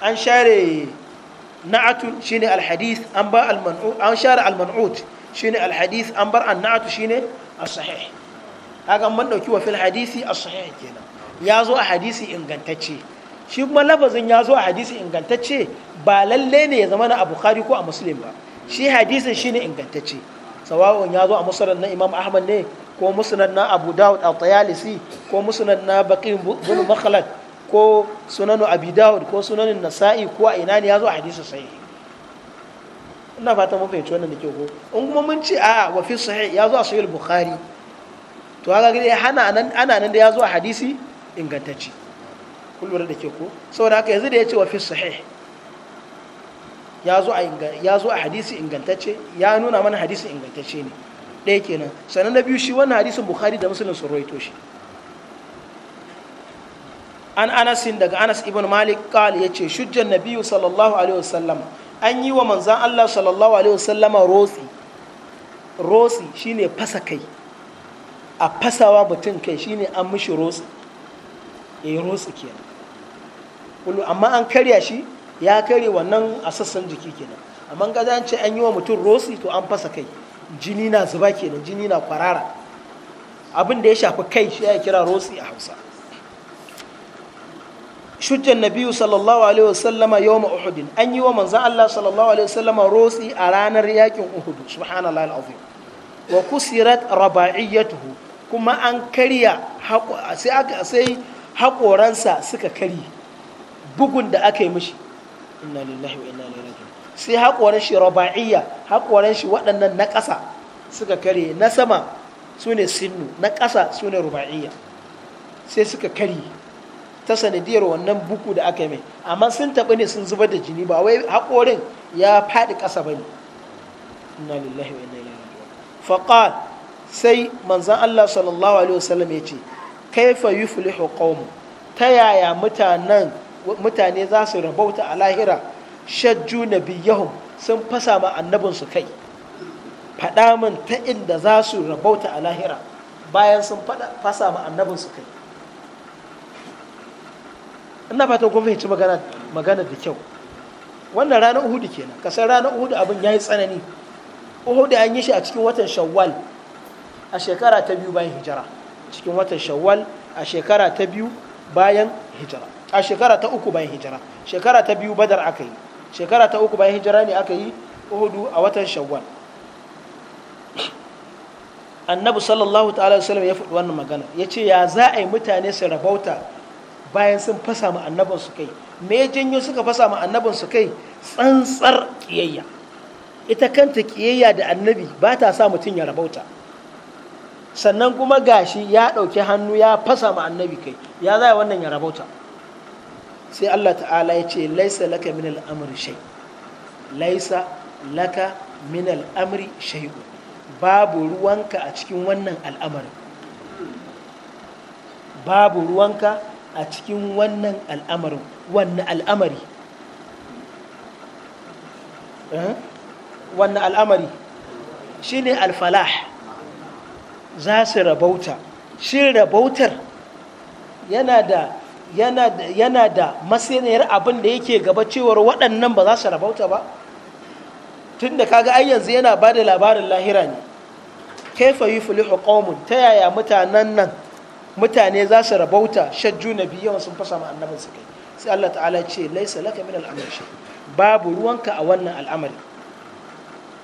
an share na'atu shine al-hadith an ba al-man'ut an share al-man'ut shine al-hadith an bar an-na'atu shine as-sahih kaga man dauki wa fil hadisi as-sahih kenan ya zo a hadisi ingantacce shi kuma lafazin ya zo a hadisi ingantacce ba lalle ne ya zama na abu bukhari ko a muslim ba shi hadisin shine ingantacce sawa'un ya zo a musulun na imam ahmad ne ko musulun na abu dawud al-tayalisi ko musulun na baqi bin makhlad ko sunanu abi dawud ko sunanin nasa'i ko a ina ne ya zo a hadisi sahihi ina fata mun fahimci wannan da ke ko in kuma mun ce a'a wa fi sahih ya zo a sahih bukhari to haka gani hana ana nan da ya zo a hadisi ingantacce kullum da ke ko saboda haka yanzu da ya ce wa fi sahih ya zo a hadisi ingantacce ya nuna mana hadisi ingantacce ne ɗaya kenan sannan na biyu shi wannan hadisin bukhari da musulun sun roito shi an anasin daga anas ibn malik kal ya ce shujjan biyu sallallahu alaihi wasallam an yi wa manzan allah sallallahu alaihi wasallam rotsi rotsi shine fasa kai a fasawa mutum kai shine an mishi rotsi ya yi rotsi kenan kullum amma an karya shi ya karya wannan a sassan jiki kenan amma ga an ce an yi wa mutum rosi to an fasa kai jini na zuba kenan jini na kwarara abin da ya shafi kai shi ya kira rosi a hausa shujjan nabiyu sallallahu alaihi wasallama yau ma uhudin an yi wa manzan allah sallallahu alaihi wasallama rosi a ranar yakin uhudu subhanallah al'azim wa kusirat raba'iyyatuhu kuma an karya sai suka karye bugun da aka yi mishi inna lillahi wa inna ilaihi raji'un sai haƙoran shi raba'iyya haƙoran shi waɗannan na ƙasa suka kare na sama su ne sinnu na ƙasa su ne ruba'iyya sai suka kare ta sanadiyar wannan buku da aka yi mai amma sun taɓa ne sun zubar da jini ba wai haƙorin ya faɗi ƙasa ba ne inna lillahi wa inna ilaihi raji'un faqal sai manzon Allah sallallahu alaihi wasallam ya ce kaifa yuflihu qaum ta yaya mutanen mutane za su rabauta a lahira shajju nabiyahum sun fasa ma annabinsu kai faɗa min ta inda za su rabauta a lahira bayan sun fasa ma annabinsu kai ina fatan kun fahimci magana da kyau wannan ranar uhudu kenan kasar ranar uhudu abin ya yi tsanani uhudu an yi shi a cikin watan shawwal a shekara ta biyu bayan hijira cikin watan shawwal a shekara ta biyu bayan hijira a shekara ta uku bayan hijira shekara ta biyu badar aka yi shekara ta uku bayan hijira ne aka yi uhudu a watan shawwal annabi sallallahu ta'ala wasallam ya faɗi wannan magana ya ce ya za a yi mutane su rabauta bayan sun fasa ma annabin su kai me janyo suka fasa ma annabin su kai tsantsar kiyayya ita kanta kiyayya da annabi ba ta sa mutum ya rabauta sannan kuma gashi ya ɗauki hannu ya fasa ma annabi kai ya za wannan ya rabauta sai Allah ta'ala ya ce laisa laka min al'amri shai. laisa laka min al'amri shay'un babu ruwanka a cikin wannan al'amarin babu ruwanka a cikin wannan al'amarin wannan al'amari eh, wannan al'amari shine alfalah za su rabauta shin rabautar yana da yana da masaniyar abin da yake gaba cewar waɗannan ba za su rabauta ba tun da kaga ai yanzu yana ba da labarin lahira ne kaifa yi fulihu ta yaya mutanen nan mutane za su rabauta shajju nabi yawan sun fasa ma annabin su kai sai Allah ta'ala ce laisa laka min al'amr babu ruwanka a wannan al'amari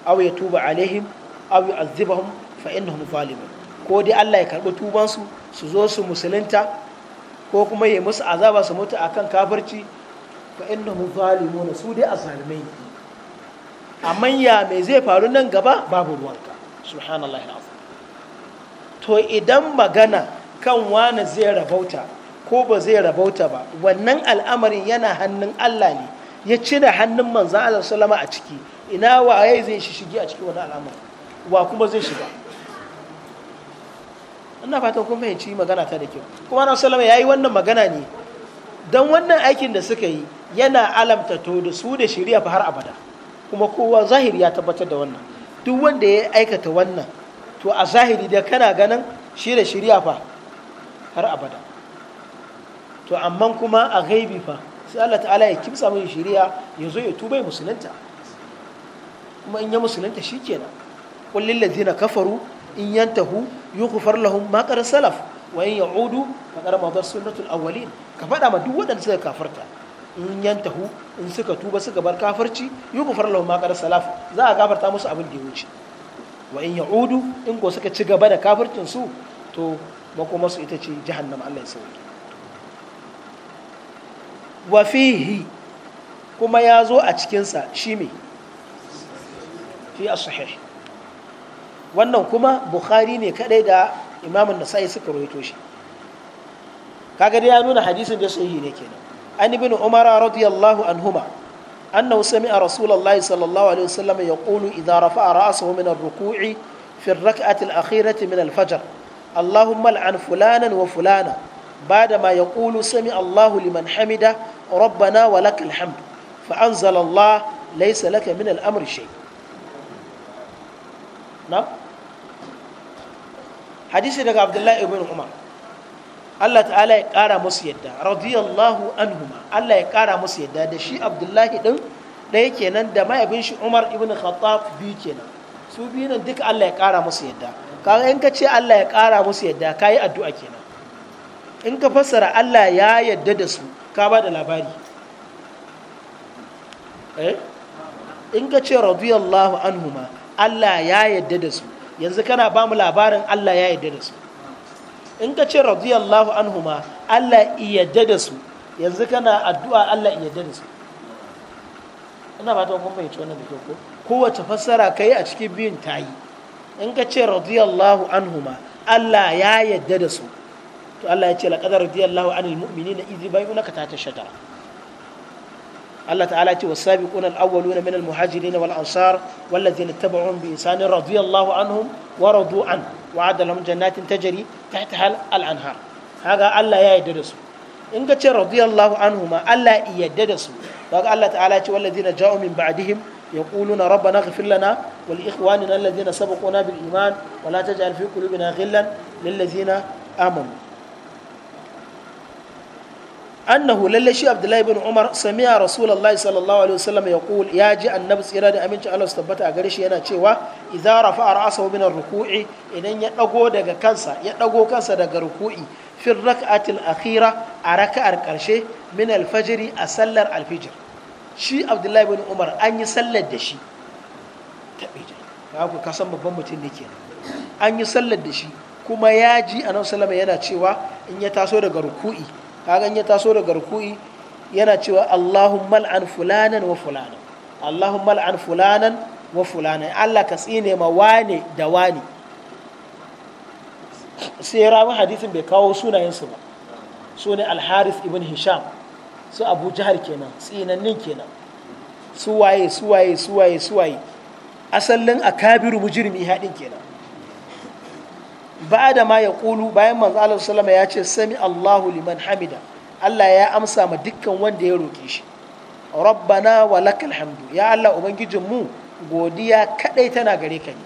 aw yatuba alaihim aw yu'adhibahum fa innahum zalimun ko dai Allah ya karbi tuban su su zo su musulunta ko kuma ya musu azaba su mutu akan kafirci fa innahum na. su dai azzalimai amma ya me zai faru nan gaba babu ruwanka na alazim to idan magana kan wani zai rabauta ko ba zai rabauta ba wannan al'amarin yana hannun Allah ne ya cire hannun manzan Allah sallama a ciki ina waye zai shishigi a cikin wani al'amarin? wa kuma zai shiga ina fatan kun fahimci magana ta da kyau kuma na salama ya yi wannan magana ne don wannan aikin da suka yi yana alamta to da su da shirya fa har abada kuma kowa zahiri ya tabbatar da wannan duk wanda ya aikata wannan to a zahiri da kana ganin shi da shirya fa har abada to amma kuma a gaibi fa sai Allah ta'ala ya kimsa mai shirya ya zo ya tuba ya musulunta kuma in ya musulunta shikenan kullil ladina kafaru in yantahu yughfar lahum ma qad salaf wa in ya'udu faqad madar sunnatul awwalin ka faɗa ma duk waɗanda suka kafarta in yantahu in suka tuba suka bar kafirci yughfar lahum ma salaf za a gafarta musu abin da ya wuce wa in ya'udu in ko suka ci gaba da kafircin su to makoma su ita ce jahannama Allah ya sauke wa fihi kuma ya zo a cikinsa shi me fi as-sahih wannan kuma bukhari ne kadai da imamun nasa'i suka rawaito shi kaga dai ya nuna hadisin da sahihi ne kenan an ibn umar radiyallahu anhuma annahu sami'a rasulullahi sallallahu alaihi wasallam yaqulu idha rafa'a ra'sahu min ar-ruku'i fi ar-rak'ati al-akhirati min al-fajr اللهم العن فلانا وفلانا بعدما يقول سمع الله لمن حمده ربنا ولك الحمد فأنزل الله ليس لك من الأمر شيء نعم hadisi daga abdullahi ibn umar Allah ta'ala ya kara musu yadda radiyallahu anhuma Allah ya kara musu yadda da shi abdullahi ɗin ɗaya kenan da mahaifin shi umar ibn khattab biyu kenan su biyu nan duka Allah ya kara musu yadda kaga in ka ce Allah ya kara musu yadda ka yi addu'a kenan in ka fassara Allah ya yadda da su ka ba da labari eh? in ka ce radiyallahu anhuma Allah ya yadda da su yanzu kana ba mu labarin Allah ya yadda da su in ka ce radiyallahu anhuma Allah ya yarda da su yanzu kana addu'a Allah ya yadda da su ina ta kuma fahimci wannan da ko kowace fassara yi a cikin biyun ta yi in ka ce radiyallahu anhuma Allah ya yadda da su to Allah ya ce laqad radiyallahu anil izi bayu na ta shatara الله تعالى والسابقون الأولون من المهاجرين والأنصار والذين اتبعهم بإنسان رضي الله عنهم ورضوا عنه وعد لهم جنات تجري تحتها الأنهار هذا الله يدرسه إن رضي الله عنهما ألا يدرسه فقال الله تعالى والذين جاءوا من بعدهم يقولون ربنا اغفر لنا ولإخواننا الذين سبقونا بالإيمان ولا تجعل في قلوبنا غلا للذين آمنوا annahu lalle shi abdullahi bin umar sami'a rasulullahi sallallahu alaihi wasallam ya ya ji annabi tsira da aminci Allah su tabbata a gare shi yana cewa idza a ra'sahu min ar-ruku'i idan ya dago daga kansa ya dago kansa daga ruku'i fi rak'ati al a raka'ar karshe min al-fajr a sallar al shi abdullahi bin umar an yi sallar da shi tabeje ka san an yi sallar da shi kuma ya ji annabi sallallahu alaihi wasallam yana cewa in ya taso daga ruku'i kaga ya taso daga ruku'i yana cewa Allahumma al'an fulanan wa fulanan Allahumma al'an fulanan wa fulanan Allah ka tsine ma wane da wane sai rawi hadisin bai kawo sunayensu ba su ne al ibn Hisham su Abu jihar kenan tsinannin kenan su waye su waye su waye su waye asalin akabiru mujrimi hadin kenan ba da ma ya kulu bayan manzo Allah sallama ya ce sami Allahu liman hamida Allah ya amsa ma dukkan wanda ya roke shi rabbana wa lakal hamdu ya Allah ubangijin mu godiya kadai tana gare ka ne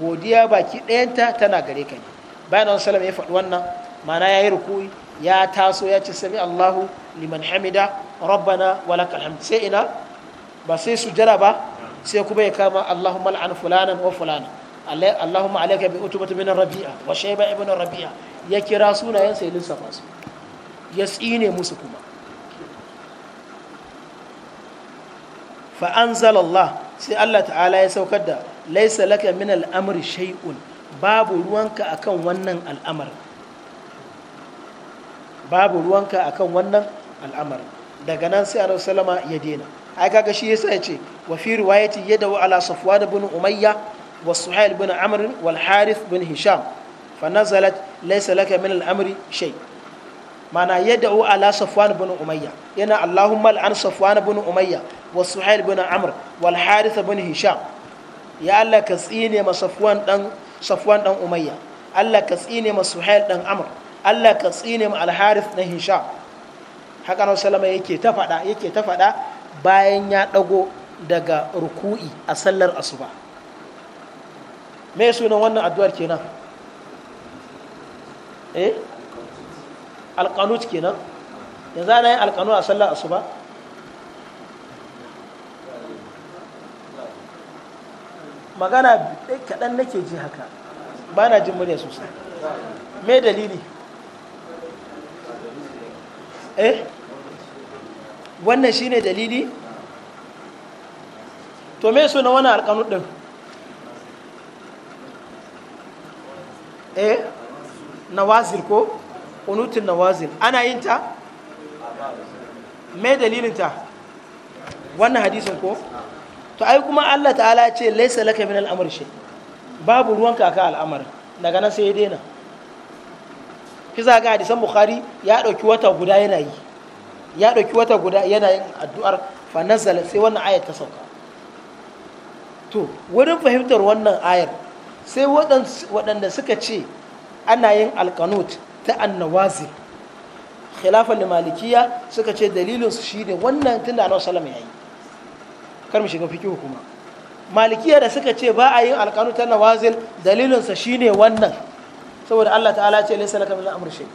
godiya baki ɗayanta tana gare ka ne bayan nan sallama ya faɗi wannan mana ya yi rukui ya taso ya ce sami Allahu liman hamida rabbana wa lakal hamdu sai ina ba sai sujjara ba sai kuma ya kama Allahumma al'an fulanan wa fulanan Allahumma alayka bi utubati min rabi'a wa shayba ibn rabi'a ya kira sunayen sai lissafa su ya tsine musu kuma fa anzalallah sai Allah ta'ala ya saukar da laisa laka min al'amri shay'un babu ruwanka akan wannan al'amar babu ruwanka akan wannan al'amar daga nan sai annabi sallama ya dena ai kaga shi yasa ya ce wa fi riwayati yadawu ala safwan ibn umayya والسهيل بن عمرو والحارث بن هشام فنزلت ليس لك من الأمر شيء mana yad'u ala safwan ibn umayya yana allahumma al'an safwan ibn umayya wa suhail ibn amr wal harith ibn hisham ya allah ka tsine ma safwan dan umayya allah ka tsine ma suhail dan amr allah ka tsine ma al harith hisham haka nan sallama yake ta faɗa bayan ya dago daga ruku'i a sallar asuba me sunan wannan addu'ar kenan eh alqanut kenan yanzu ana yin alqanut a sallar asuba magana ɗai kaɗan nake ji haka ba na jin murya sosai me dalili eh wannan shine dalili to me suna wannan alƙanut ɗin eh nawazil ko unutin nawazil ana yin ta me dalilin ta wannan hadisin ko to ai kuma Allah ta'ala ce laysa laka min al'amr shi babu ruwanka akan al'amarin daga nan sai ya daina ki za ga hadisan bukhari ya dauki wata guda yana yi ya dauki wata guda yana yin addu'ar fa nazala sai wannan ayat ta sauka to wurin fahimtar wannan ayar sai waɗanda suka ce ana yin alkanut ta annawazil khilafan da malikiya suka ce dalilinsu shi ne wannan tun da anawar Salam ya yi kar mu shiga fiki hukuma malikiya da suka ce ba a yin alkanut ta nawazil dalilinsa shi ne wannan saboda allah ta'ala ce laisa laka min al'amur shi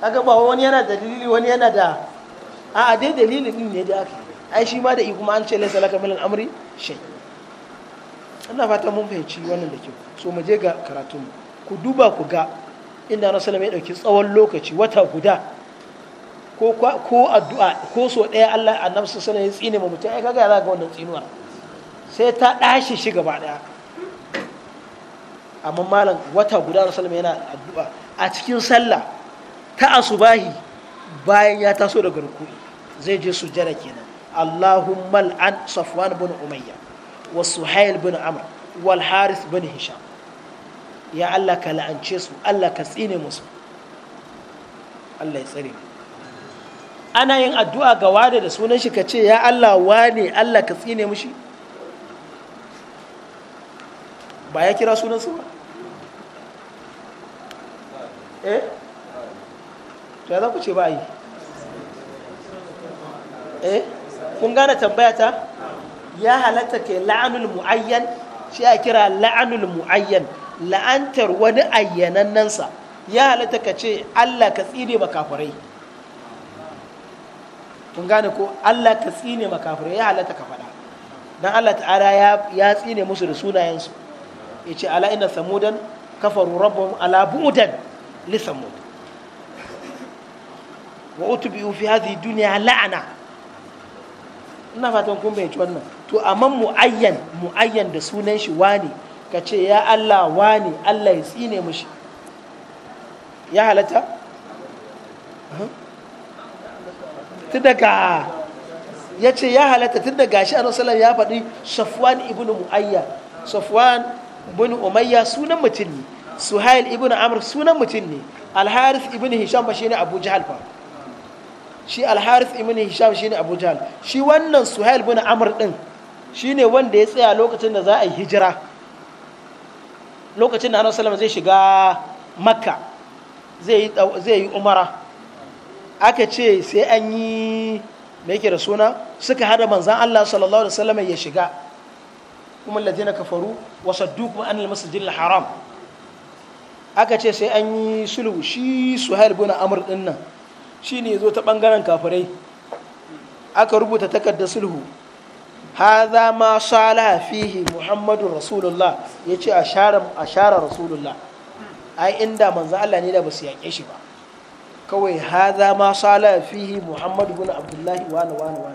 kaga ba wani yana da dalili wani yana da a'a dai dalilin ne da aka ai shi ma da ikuma an ce laisa laka min al'amri shay ina fata mun fahimci wannan da kyau so mu je ga karatun ku duba ku ga inda na salama ya dauki tsawon lokaci wata guda ko ko addu'a ko so daya Allah annabi sallallahu alaihi wasallam ya tsine mu mutum ai kaga za ga wannan tsinuwa sai ta dashi shi gaba daya amma malam wata guda na salama yana addu'a a cikin sallah ta asubahi bayan ya taso daga rukuni zai je sujjada kenan Allahumma al'an Safwan bin Umayyah wa suhail bin amr wal haris bin hisham ya Allah ka la'ance su Allah ka tsine musu ana yin addu'a ga wada sunan shi ka ce ya Allah wane Allah ka tsine mushi ba ya kira sunan su ba eh to ya ku ce ba yi eh kun gane tambaya ta ya halatta ke la'anul mu'ayyan shi a kira la'anul mu'ayyan la'antar wani ayyanannansa ya halatta ka ce Allah ka tsine makafirai kun gane ko Allah ka tsine makafirai ya halatta ka faɗa dan Allah ta'ala ya tsine musu da sunayensu ya ce ala ina samudan kafaru rabbahum ala bu'udan li samud wa utubi fi hadhihi dunya la'ana ina fatan kun bai wannan to amma mu'ayyan mu'ayyan da sunan shi wani ka ce ya Allah wani Allah ya tsine mushi ya halatta tun daga ya ce ya halatta tun daga shi a nasarar ya faɗi safwan ibn mu'ayya safwan ibn umayya sunan mutum ne suhail ibn amr sunan mutum ne alharis ibn hisham ba shi ne abu jihal fa shi alharis ibn hisham shine abu jahal shi wannan suhail bin amr din shine wanda ya tsaya lokacin da za a yi hijira lokacin da annabi sallallahu zai shiga makka zai yi umara aka ce sai an yi me yake da suna suka hada manzan Allah sallallahu alaihi wasallam ya shiga kuma alladhina kafaru wa sadduku an al-masjidil haram aka ce sai an yi sulhu shi suhail bin amr din nan shine zo ta bangaren kafirai aka rubuta takardar sulhu haza, ma salaha fihi muhammadun rasulullah Ya ce a share rasulullah ai inda manzo Allah ne da basu yake shi ba kawai haza, ma salaha fihi muhammadu ibn abdullahi wani, wani. wa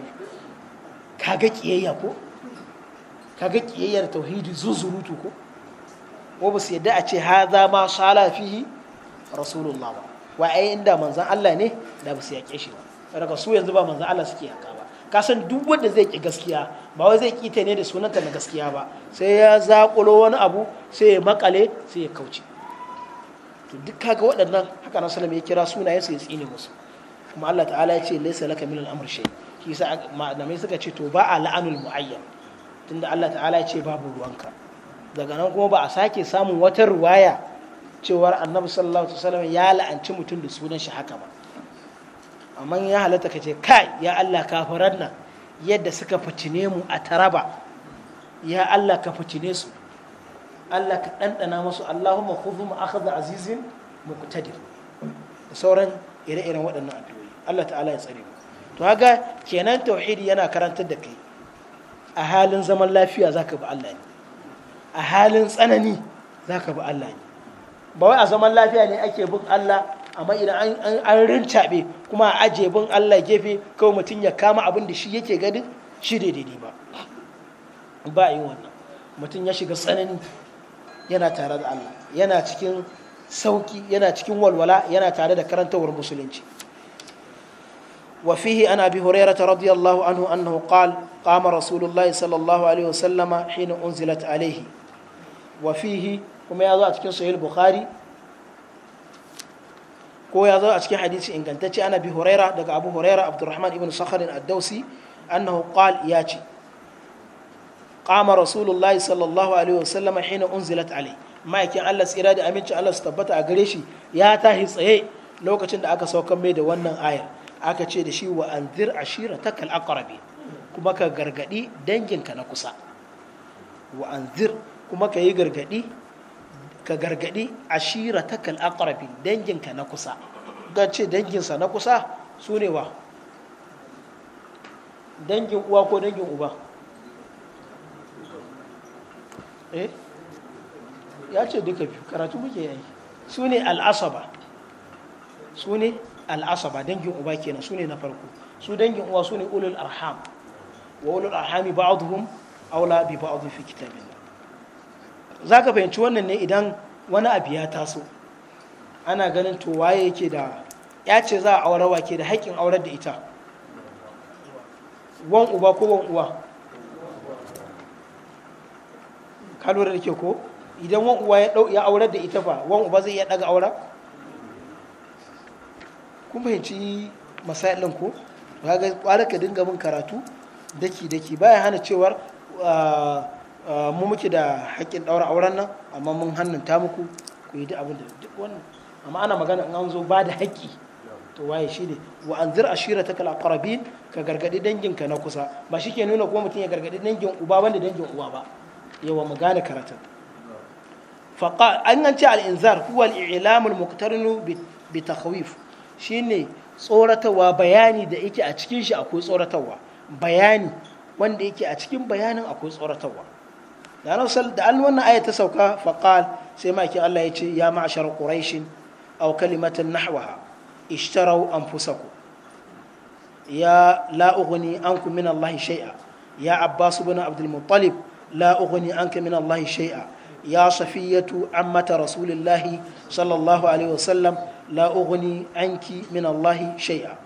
kaga kiyayya ko kaga kiyayyar tauhidi zuzurutu ko ko ba su yadda a ce haza ma shala fihi rasulullah ba wa ai inda manzan Allah ne da ba su yaƙe shi ba daga su yanzu ba manzan Allah suke yaƙa ba ka san duk wanda zai ki gaskiya ba wai zai kita ne da sunanta na gaskiya ba sai ya zaƙulo wani abu sai ya makale sai ya kauce to duk kaga waɗannan haka na sallama ya kira sunayen su ya tsine musu kuma Allah ta'ala ya ce laysa laka min al-amr shay shi yasa malamai suka ce to ba a la'anul mu'ayyan tunda Allah ta'ala ya ce babu ruwanka daga nan kuma ba a sake samun wata ruwaya cewar annabi sallallahu alaihi wasallam ya la'anci mutum da sunan shi haka ba amma ya halatta ka ce kai ya Allah kafiran nan yadda suka fitine mu a taraba ya Allah ka fitine su Allah ka ɗanɗana musu Allahumma ma akhadha azizin muqtadir da sauran ire-iren waɗannan addu'o'i Allah ta'ala ya tsare mu to haka kenan tauhidi yana karantar da kai a halin zaman lafiya zaka bi Allah ne a halin tsanani zaka bi Allah ne ba wai a zaman lafiya ne ake bin Allah amma idan an an rincaɓe kuma a ajiye bin Allah gefe kawai mutum ya kama abin da shi yake ganin shi daidai ba ba yi wannan mutum ya shiga tsanani yana tare da Allah yana cikin sauki yana cikin walwala yana tare da karantawar musulunci وفيه أن أبي هريرة رضي الله عنه أنه قال قام رسول الله صلى الله عليه وسلم حين أنزلت عليه وفيه kuma ya zo a cikin sahih bukhari ko ya zo a cikin hadisi ingantacce ana bi huraira daga abu huraira abdurrahman ibn sakharin ad-dawsi annahu qal ya ce qama rasulullahi sallallahu alaihi wasallam hina unzilat alai ma'aikin Allah tsira da aminci Allah su tabbata a gare shi ya tahi tsaye lokacin da aka saukan mai da wannan ayar aka ce da shi wa anzir ashiratakal aqrabi kuma ka gargadi danginka na kusa wa anzir kuma ka yi gargadi ka gargadi ashirataka al-aqrabin danginka na kusa ce danginsa na kusa su ne wa dangin uwa ko dangin uba eh ya ce duka biyu karatu muke yi su ne al'asaba su ne al'asaba dangin uba kenan su ne na farko su dangin uwa su ne ulul arham wa ulul arhami aula bi fi kitabillah za ka fahimci wannan ne idan wani abu ya taso ana ganin to waye yake da ya ce za a aure wa ke da haƙƙin aurar da ita wan uba ko wan uwa ka lura da ke ko idan wan uwa ya aurar da ita fa wan uba zai iya ɗaga aura kun fahimci masailin ko ga ƙwararka ka dinga bin karatu daki daki baya hana cewar ah, Ah, mu muke da haƙƙin ɗaura auren nan amma mun hannunta muku ku yi duk abin da duk wannan amma ana magana in an zo ba da haƙƙi to waye shi ne wa an zir ashira ta kala ƙarabin ka gargaɗi danginka na kusa ba shi ke nuna kuma mutum ya gargaɗi dangin uba wanda dangin uba ba yawa mu gane karatun faƙa an an ce al'inzar huwa al'ilamul muktarinu bi takhawif shine tsoratarwa bayani da yake a cikin shi akwai tsoratarwa bayani wanda yake a cikin bayanin akwai tsoratarwa da da an wannan aya ta sauka faqal sai maki Allah ya ce ya ma'ashar quraish aw kalimatan nahwaha ishtaraw anfusakum ya la ughni ankum min Allah shay'a ya Abbas ibn Abdul Muttalib la ughni anka min Allah shay'a ya Safiyatu amata Rasulillah sallallahu alaihi wasallam la ughni anki min Allah shay'a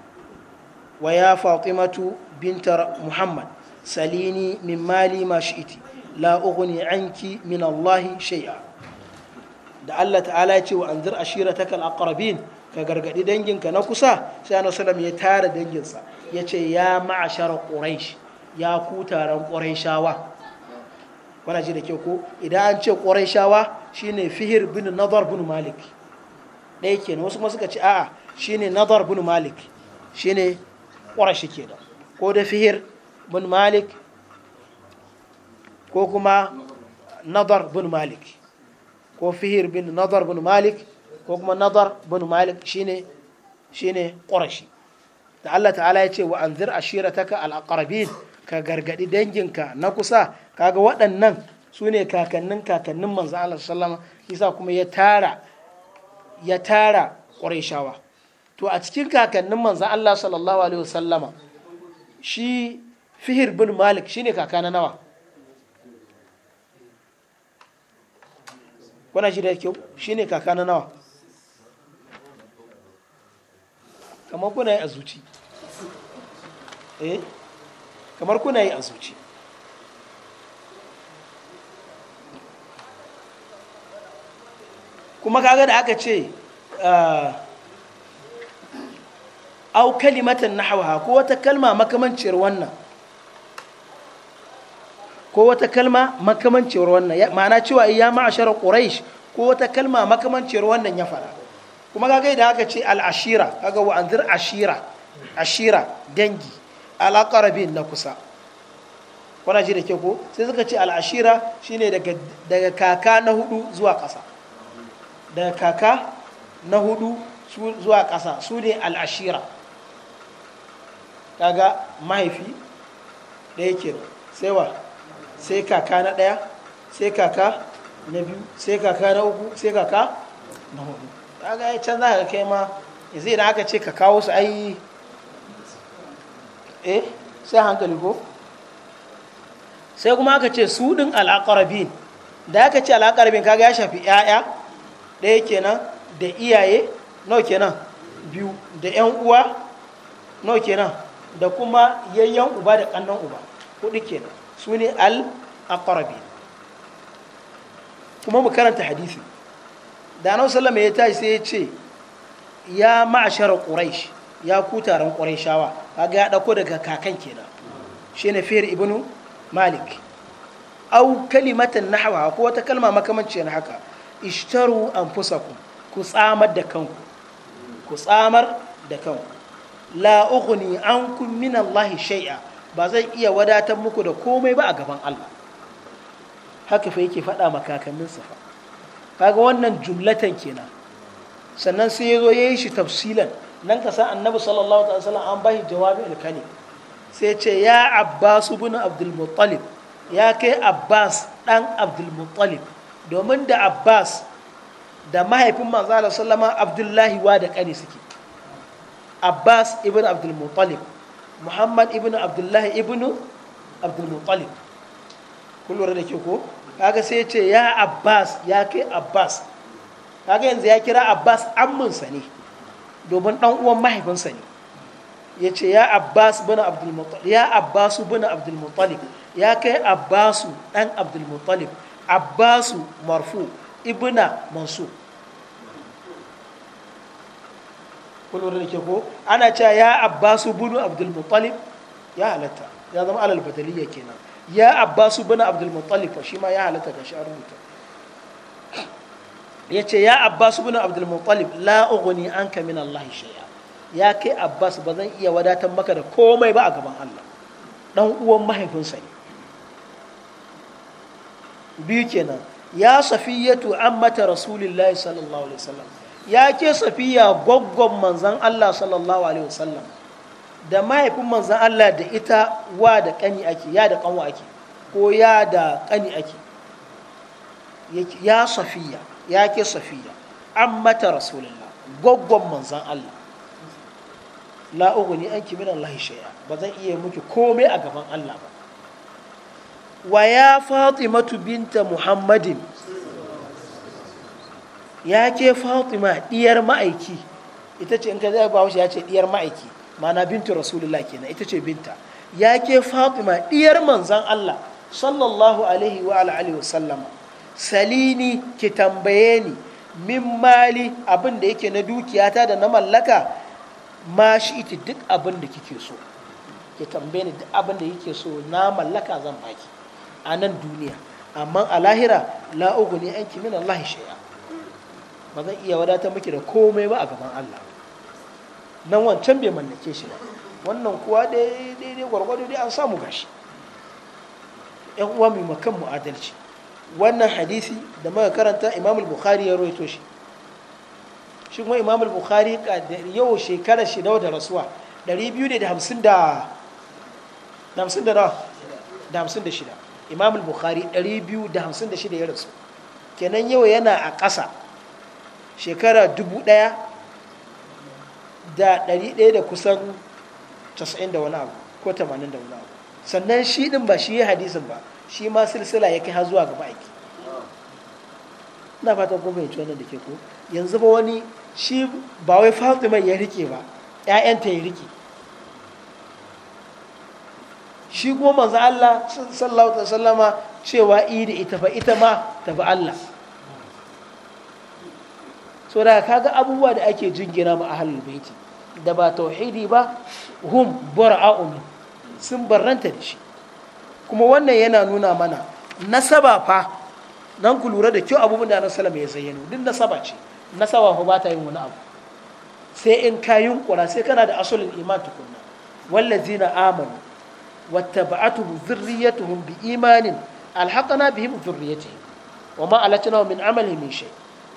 wa ya Fatimatu binta Muhammad salini min mali ma shi'ti la ughni anki min Allah shay'a da Allah ta'ala ya ce wa anzir ashirataka al-aqrabin ka gargadi danginka na kusa sai annabi sallallahu ya tara danginsa ya ce ya ma'ashar quraish ya ku taron quraishawa wala ji da ke ko idan an ce quraishawa shine fihir bin nadar bin malik dai kenan wasu suka ce a'a shine nadar bin malik shine quraish kenan ko da fihir bin malik ko kuma nadar bin malik ko fihir bin nadar bin malik ko kuma nadar bin malik shine shine qurashi da Allah ta'ala ya ce wa anzir ashirataka al-aqrabin ka gargadi danginka na kusa kaga waɗannan su ne kakannin kakannin manzo Allah sallama yasa kuma ya tara ya tara qurayshawa to a cikin kakannin manzo Allah sallallahu alaihi wasallama shi fihir bin malik shine kaka na nawa kuna shi da kyau shine kaka na nawa kamar kuna yi a zuci eh kamar kuna yi a zuci kuma kaga da aka ce ah, au kalimatan nahwaha ko wata kalma makamanciyar wannan ko wata kalma makamancewar wannan ma'ana cewa ya ma'ashara quraish ko wata kalma makamancewar wannan ya fara kuma kaga idan haka ce al'ashira kaga wa anzir ashira ashira dangi alaqarabin na kusa kuna ji da ke ko sai suka ce al'ashira shine daga daga kaka na hudu zuwa kasa daga kaka na hudu zuwa kasa su ne al'ashira kaga mahaifi da yake sai wa sai kaka na ɗaya sai kaka na biyu sai kaka na uku sai kaka na hudu kaga ya can za ka kai ma yanzu idan aka ce ka kawo su ai eh sai hankali ko sai kuma aka ce su ɗin al'akarabin da aka ce al'akarabin kaga ya shafi 'ya'ya ɗaya kenan da iyaye nawa kenan biyu da 'yan uwa nawa kenan da kuma yayyan uba da ƙannan uba hudu kenan su ne al kuma mu karanta hadisi da annabi sallama ya tashi sai ya ce ya ma'ashara quraish ya ku taron quraishawa kaga ya daga kakan kenan shine fiyar ibnu malik au kalimatan hawa ko wata kalma makamancin haka ishtaru an fusa ku tsamar da kanku ku tsamar da kanku la an kun minan lahi shai'a. ba zai iya wadatar muku da komai ba a gaban Allah haka fa yake faɗa makakanninsa fa kaga wannan jumlatan kenan sannan sai ya zo ya yi shi tafsilan nan ka san annabi sallallahu alaihi wasallam an bashi jawabi alkani sai ce ya abbas ibn abdul muttalib ya kai abbas dan abdul muttalib domin da abbas da mahaifin manzo sallama abdullahi wa da kani suke abbas ibn abdul muttalib muhammad ibn abdullahi ibn abdulmuttalib kun lura da ke ko kaga sai ce ya abbas ya kai abbas kaga yanzu ya kira abbas amminsa ne domin dan uwan mahaifinsa ne ya ce ya abbas bin abdulmuttalib ya abbasu bin abdulmuttalib ya kai abbasu dan abdulmuttalib abbasu marfu ibna mansub kullum da ke ko ana cewa ya abbasu bunu abdul muttalib ya halatta ya zama alal bataliya kenan ya abbasu bunu abdul muttalib fa shi ma ya halatta ga shi an rubuta ya ce ya abbasu bunu abdul muttalib la ughni anka min allah shay'a ya kai abbas ba zan iya wadatar maka da komai ba a gaban allah dan uwan mahaifinsa ne biyu kenan ya safiyatu ammata rasulillahi sallallahu alaihi wasallam ya ke safiya gwaggon manzan Allah sallallahu alaihi wasallam da mahaifin manzan Allah da ita wa da kani ake ya da kanwa ake ko ya da kani ake ya safiya ya ke safiya an mata rasulullah gwaggon manzan Allah lauguni an kimin Allah shay'a ba zan iya muke komai a gaban Allah ba wa ya fatimatu binta muhammadin ya ke fatima diyar ma'aiki ita ce in ka zai ba ya ce diyar ma'aiki mana bintu rasulullah kenan ita ce binta ya ke fatima diyar manzan allah sallallahu alaihi wa alihi wa sallama salini ki tambaye ni min mali abin da yake na dukiyata da na mallaka ma shi iti duk abin da kike so ki tambaye ni duk abin da kike so na mallaka zan baki a nan duniya amma a lahira la ne anki min Allah shay'a ba zan iya wadatar miki da komai ba a gaban Allah nan wancan bai mallake shi ba wannan kuwa daidai gwargwado dai an samu gashi yan uwa mai makan mu adalci wannan hadisi da muka karanta imam bukhari ya roito shi shi kuma imam bukhari yau shekara shi nawa da rasuwa 250 da 50 da nawa da 56 imam bukhari 256 ya rasu kenan yau yana a ƙasa shekara dubu ɗaya da ɗari ɗaya da kusan casa'in da wani abu ko tamanin da wani abu sannan shi din ba shi yi hadisin ba shi ma silsila ya kai har zuwa gaba aiki na fatan kuma fahimci wannan da ke ko yanzu ba wani shi ba wai fatima ya rike ba ‘ya'yanta ya rike shi kuma manzo Allah sallallahu alaihi wasallama cewa da ita fa ita ma ta Allah so da kaga abubuwa da ake jingina ma ahlul baiti da ba tauhidi ba hum bara'u min sun barranta da shi kuma wannan yana nuna mana nasaba fa nan ku lura da kyau abubuwan da annabi sallallahu alaihi wasallam ya zayyano duk nasaba ce nasaba fa ba ta yin wani abu sai in ka yunkura sai kana da asalin iman tukunna wallazina amanu wattaba'atuhum dhurriyyatuhum biimanin alhaqana bihim dhurriyyatihim wama alatnahu min amalihim min shay'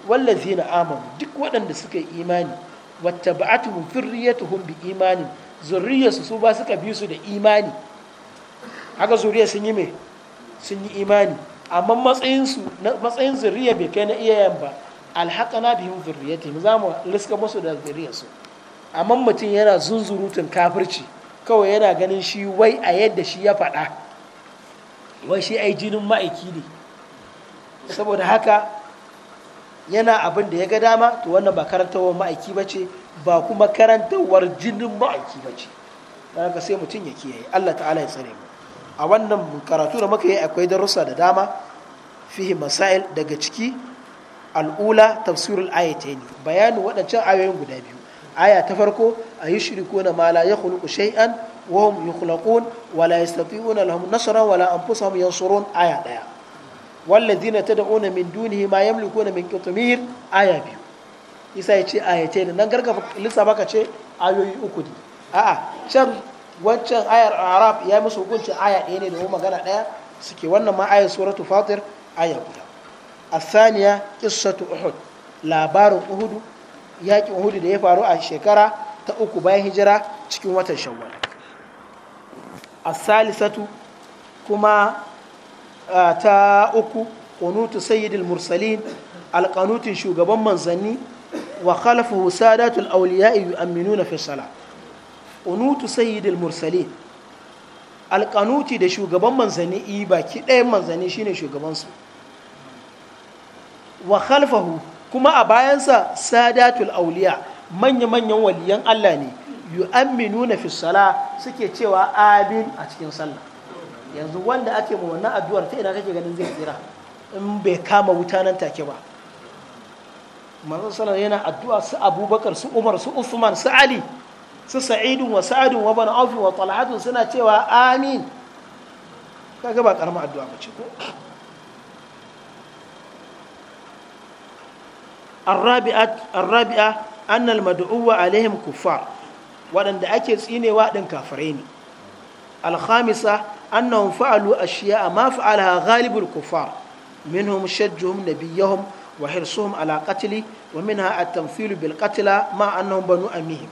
wallazina amanu duk waɗanda suka yi imani a wattaba'atuhum zurriyatuhum bi imanin zuriyarsu su ba suka bi su da imani haka zuriya sun yi mai sun yi imani amma matsayin zuriya bai kai na iyayen ba alhaƙana bihim zurriyatihim za mu liska musu da zuriyarsu amma mutum yana zunzurutun kafirci kawai yana ganin shi wai a yadda shi ya faɗa wai shi ai jinin ma'aiki ne saboda haka yana abin da ya ga dama to wannan ba karantawar ma'aiki ba ce ba kuma karantarwar jinin ma'aiki ba ce don haka sai mutum ya kiyaye Allah ta'ala ya tsare mu a wannan karatu da muka yi akwai darussa da dama fihi masail daga ciki al'ula tafsirul ayataini bayanin waɗancan ayoyin guda biyu aya ta farko a yi shiriku na ma la ya khuluqu shay'an wa hum yukhlaqun wa la yastati'una lahum nasra wa la anfusahum yansurun aya ɗaya wallazina tad'una min dunihi ma yamlikuna min qitmir aya biyu isa ya ce ayatai nan gargafa lissafa ka ce ayoyi uku ne a'a can wancan ayar arab ya musu hukuncin aya ɗaya ne domin magana ɗaya suke wannan ma ayar suratu fatir aya guda asaniya qissatu uhud labarin uhudu yaƙin uhudu da ya faru a shekara ta uku bayan hijira cikin watan shawwal asalisatu kuma ta uku kunutu sayyidil mursalin alƙanutin shugaban manzanni wa khalafahu sadatul awliya'i yu'minuna fi salah kunutu sayyidil mursalin alƙanuti da shugaban manzanni i baki ɗayan manzanni shine shugabansu wa khalfahu kuma a bayansa sadatul auliya manya-manyan waliyan Allah ne yu'amminuna fi sala suke cewa amin a cikin sallah yanzu wanda ake ma wannan addu'ar ta ina kake ganin zai tsira in bai kama wuta nan take ba masu sallallahu yana addu'a su abubakar su umar su usman su ali su sa'idun wa sa'adun wa bani ofin wa talhatun suna cewa amin kaga ba karama addu'a ba ko الرابعة أن المدعو عليهم kuffar waɗanda ake tsinewa ɗin kafirai ne alhamisa أنهم فعلوا أشياء ما فعلها غالب الكفار منهم شجهم نبيهم وحرصهم على قتله ومنها التمثيل بالقتلى مع أنهم بنو أميهم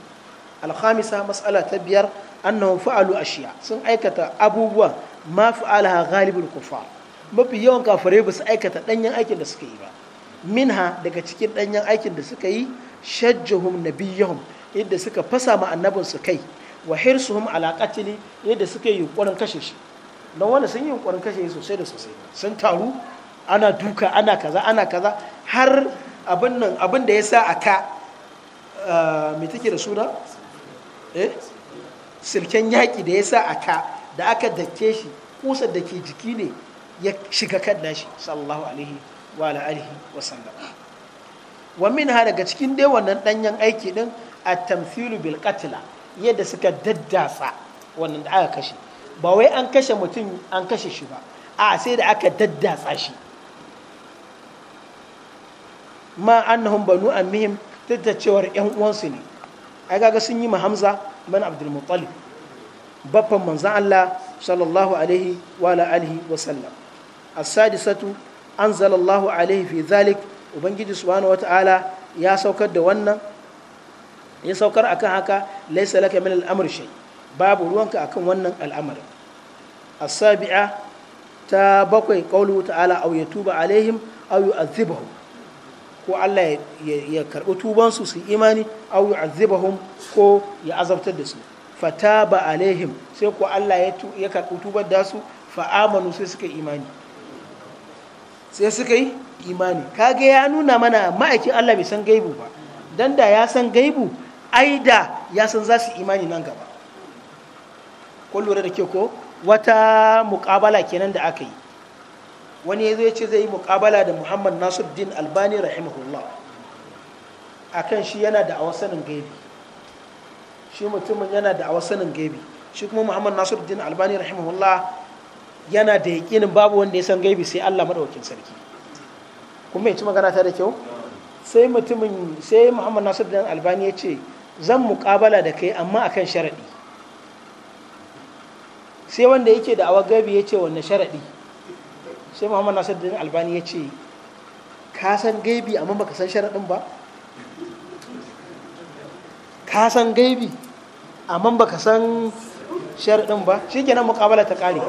الخامسة مسألة تبير أنهم فعلوا أشياء سن أيكة أبوا ما فعلها غالب الكفار mafi yawan kafirai ba su aikata ɗanyen aikin da suka yi ba minha daga cikin ɗanyen aikin da suka yi na nabiyahum yadda suka fasa ma annabinsu kai wa hirsuhum ala qatli yadda suka yi yunƙurin kashe shi don wanda sun yi yunkurin kashe sosai da sosai sun taru ana duka ana kaza ana kaza har abin nan abin da ya sa a ka eh, mai take da suna eh? silken yaƙi da ya sa a ka da aka dake shi kusa da ke jiki ne ya shiga kan nashi sallallahu alaihi wa alaihi wa sallam wa min ha daga cikin dai wannan danyen aiki din at tamthilu bil qatla yadda suka daddasa wannan da aka kashe ba wai an kashe mutum an kashe shi ba a sai da aka daddatsa shi ma annahum banu ammihim tattacewar yan uwansu ne ai kaga sun yi ma Hamza bin Abdul Muttalib baffan manzon Allah sallallahu alaihi wa alihi wa sallam as-sadisatu anzala Allahu alaihi fi zalik ubangiji subhanahu wata'ala ya saukar da wannan ya saukar akan haka laysa laka min al-amr shay babu ruwanka akan wannan al'amarin as-sabi'a ta bakwai qawluhu ta'ala aw yatuba alaihim aw yu'adhibahum ko Allah ya karɓi tubansu su imani aw yu'adhibahum ko ya azabtar da su fataba alaihim sai ko Allah ya karɓi tubar da su fa amanu sai suka imani sai suka yi imani kage ya nuna mana ma'aikin Allah bai san gaibu ba dan da ya san gaibu ai da ya san za su imani nan gaba kun lura da ke ko wata mukabala kenan da aka yi wani ya ce zai yi mukabala da muhammad din albani rahimahullah kan shi yana da awasanin gaibi shi mutumin yana da awasanin gaibi shi kuma muhammad din albani rahimahullah yana da yaƙinin babu wanda ya san gaibi sai allah maɗaukin sarki kuma ya ci magana ta da kyau sai mutumin sai muhammad din albani ya ce zan mukabala da kai amma akan sharaɗi sai wanda yake da awa gabi ya ce wanne sharaɗi sai muhammad nasar da albani ya ce ka san gaibi amma baka san sharaɗin ba ka san gaibi amma baka san sharaɗin ba shi kenan muƙabala ta ƙare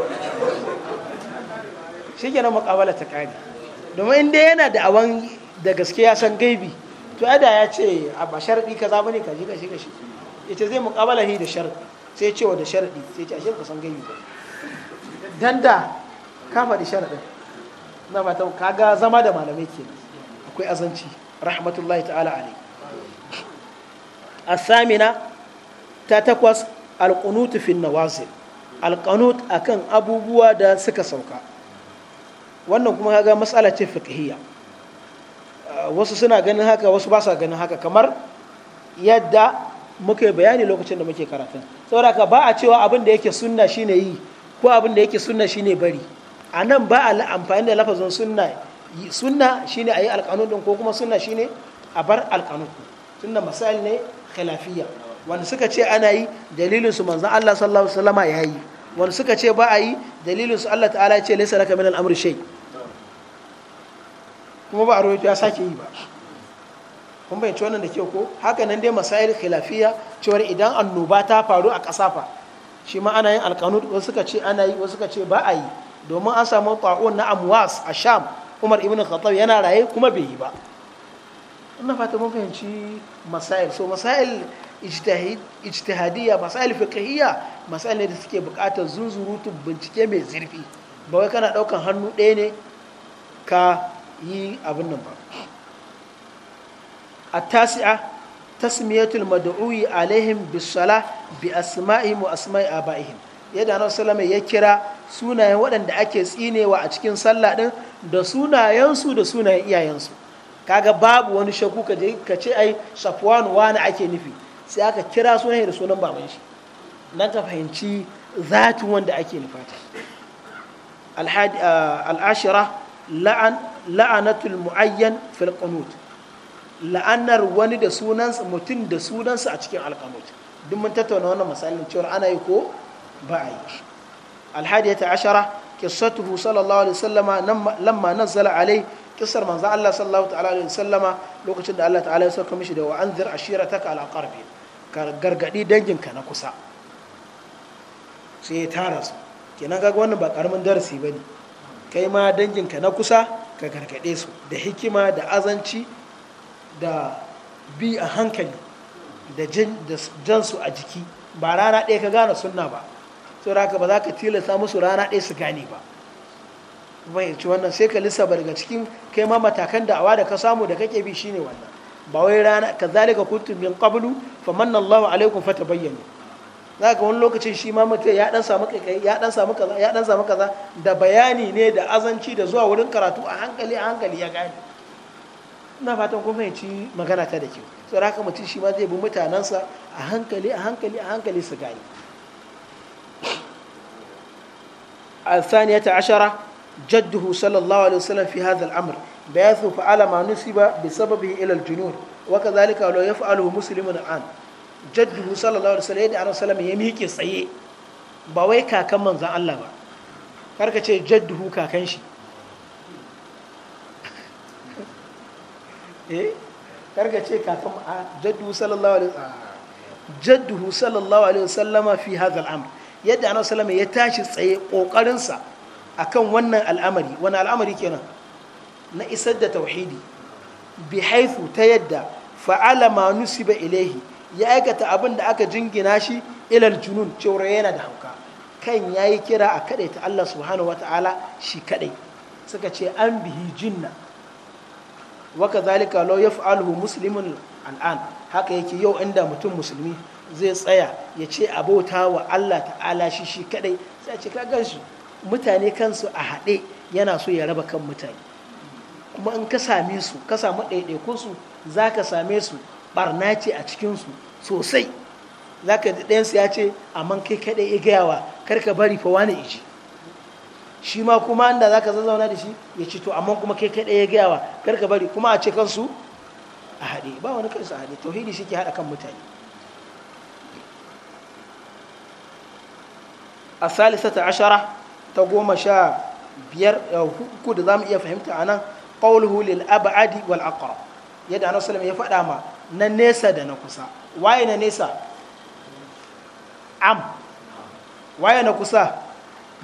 shi kenan muƙabala ta ƙare domin inda yana da awan da gaske ya san gaibi to ada ya ce a ba sharaɗi kaza bane kashi kashi shi ita zai muƙabala ne da sharaɗi sai cewa da sharaɗi sai ce ashe ba san gaibi ba dan da ka faɗi sharaɗin na ba ta ga zama da malamai kenan akwai azanci rahmatullahi ta'ala alai asamina ta takwas alƙunutu fin nawazil alƙanut kan abubuwa da suka sauka wannan kuma ga matsala ce fiqhiyya wasu suna ganin haka wasu ba sa ganin haka kamar yadda muka bayani lokacin da muke karatun saboda ba a cewa abin da yake sunna shine yi ko abin da yake sunna shine bari a nan ba a amfani da lafazin sunna sunna shine ayi alqanun din ko kuma sunna shine a bar alqanun sunna misali ne khilafiyya wanda suka ce ana yi dalilin su manzon Allah sallallahu alaihi wasallama ya yi wanda suka ce ba a yi dalilin su Allah ta'ala ya ce laysa laka min al-amri shay kuma ba a rawaito ya sake yi ba kun bayyance wannan da ke ko haka nan dai masayar khilafiya cewar idan annoba ta faru a ƙasa fa shi ma ana yin alkanut wasu ka ce ana yi wasu ka ce ba a yi domin an samu ta'un na amwas a sham umar ibn khattab yana raye kuma bai yi ba ina fata mun fahimci masayar so masayar ijtihadiyya masayar fiqhiyya masayar ne da suke buƙatar zunzurutu bincike mai zurfi ba wai kana ɗaukan hannu ɗaya ne ka yi abin nan ba التاسعة تسمية المدعوي عليهم بالصلاة بأسمائهم وأسماء آبائهم yadda annabi sallama ya kira sunayen waɗanda ake tsinewa a cikin sallah ɗin da sunayensu da sunayen iyayensu kaga babu wani shakku ka je ka ce ai safwan wani ake nufi sai aka kira sunayen da sunan baban shi nan ka fahimci zatin wanda ake nufata ashira la'anatul mu'ayyan fil qunut la'anar wani da sunansa mutum da sunansa a cikin alkanut duk mun tattauna wannan misalin cewar ana yi ko ba a yi alhadiya ta ashara kisatuhu sallallahu alaihi wasallama lamma nazzala alai kisar manzo Allah sallallahu ta'ala alaihi wasallama lokacin da Allah ta'ala ya sauka mishi da wa'anzir ashirataka alaqarbi gargadi danginka na kusa sai ya tara su kenan kaga wannan ba karamin darasi ba ne kai ma danginka na kusa ka gargaɗe su da hikima da azanci da bi a hankali da su a jiki ba rana ɗaya ka gane sunna ba sau raka ba za ka tilasta musu rana ɗaya su gane ba ci wannan sai ka ba daga cikin kai ma matakan da awa da ka samu da kake bi shine wannan ba wai rana ka kazalika kuntum min qablu manna Allahu alaikum fatabayyanu zaka wani lokacin shi ma mutum ya dan samu kai ya dan samu kaza ya dan samu kaza da bayani ne da azanci da zuwa wurin karatu a hankali a hankali ya gane ina fatan kun fahimci magana ta da kyau saboda haka mutum shi ma zai bi mutanensa a hankali a hankali a hankali su gane الثانية عشرة جده صلى الله عليه وسلم في هذا الأمر بيث فعل ما نسب بسببه إلى الجنون وكذلك لو يفعله مسلم الآن جده صلى الله عليه وسلم يدعى وسلم يميك سيء باوي كاكا منزع الله با كاركا جده كاكنشي eh karga ce kakan a jaddu sallallahu alaihi jadduhu sallallahu alaihi fi hadha al'amr yadda annabi sallama ya tashi tsaye kokarin sa akan wannan al'amari wani al'amari kenan na isar da tauhidi bi haithu ta yadda fa'ala ma nusiba ilaihi ya aikata abin da aka jingina shi ilal junun cewa yana da hauka kan yayi kira a kadaita Allah subhanahu wataala shi kadai suka ce an bihi jinna waka zalika lo ya fa'alhu musulmin al'an haka yake yau inda mutum musulmi zai tsaya ya ce bauta wa Allah ta'ala shi shi kadai sai ce ka gansu mutane kansu a haɗe yana so ya raba kan mutane kuma in ka same su ka samu ɗaiɗaikunsu za ka same su barna ce a cikinsu sosai za ka ji ɗayansu ya ce amma kai kaɗai ya gayawa kar ka bari fa wani iji shi ma kuma inda za ka zazzauna da shi ya ci to amma kuma kai kai ɗaya gayawa kar ka bari kuma a ce kansu a haɗe ba wani kansu a haɗe tauhidi shi ke haɗa kan mutane a salisata ashara ta goma sha biyar uku da za mu iya fahimta a nan ƙauluhu lil abadi wal aqrab yadda ya faɗa ma na nesa da na kusa waye na nesa am waye na kusa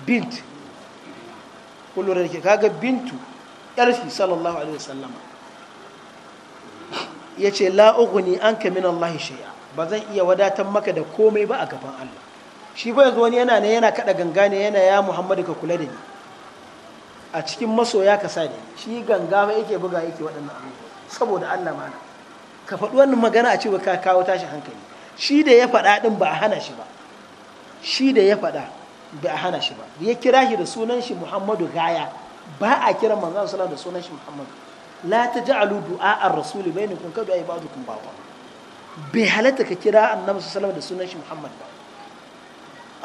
bint kullum da ke kaga bintu yarfi sallallahu alaihi wasallama ya ce la'uguni an ka min Allah shay'a ba zan iya wadatan maka da komai ba a gaban Allah shi ba yanzu wani yana ne yana kada ganga ne yana ya Muhammadu ka kula da ni a cikin masoya ka sa ni shi ganga ba yake buga yake waɗannan abubuwa saboda Allah na ka faɗi wannan magana a ce ka kawo tashi hankali shi da ya faɗa ɗin ba a hana shi ba shi da ya faɗa ba a hana shi ba ya kira shi da sunan shi muhammadu gaya ba a kira manzan sallallahu da sunan shi muhammadu la ta ji ja'alu du'a ar-rasul bainakum ka du'a ibadukum ba ba bai halatta ka kira annabi salama da sunan shi Muhammadu ba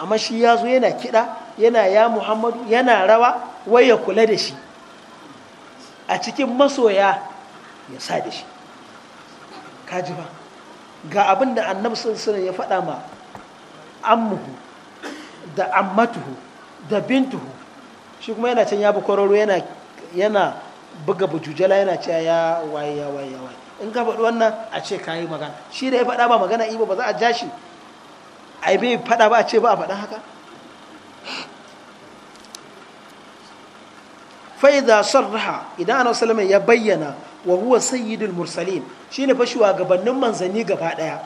amma shi ya zo yana kida yana ya muhammadu yana rawa wai ya kula da shi a cikin masoya ya sa da shi kaji ba ga abin da annabi sunan ya faɗa ma ammuhu da ammatuhu da bintuhu shi kuma yana can ya bi kwararo yana yana buga bujujala yana cewa ya waye ya waye ya waye in ka faɗi wannan a ce ka yi magana shi da ya faɗa ba magana ibo ba za a ja shi a bai faɗa ba a ce ba a faɗa haka fa'iza sarraha idan ana salama ya bayyana wa huwa sayyidul mursalin shine fa shugabannin manzanni gaba daya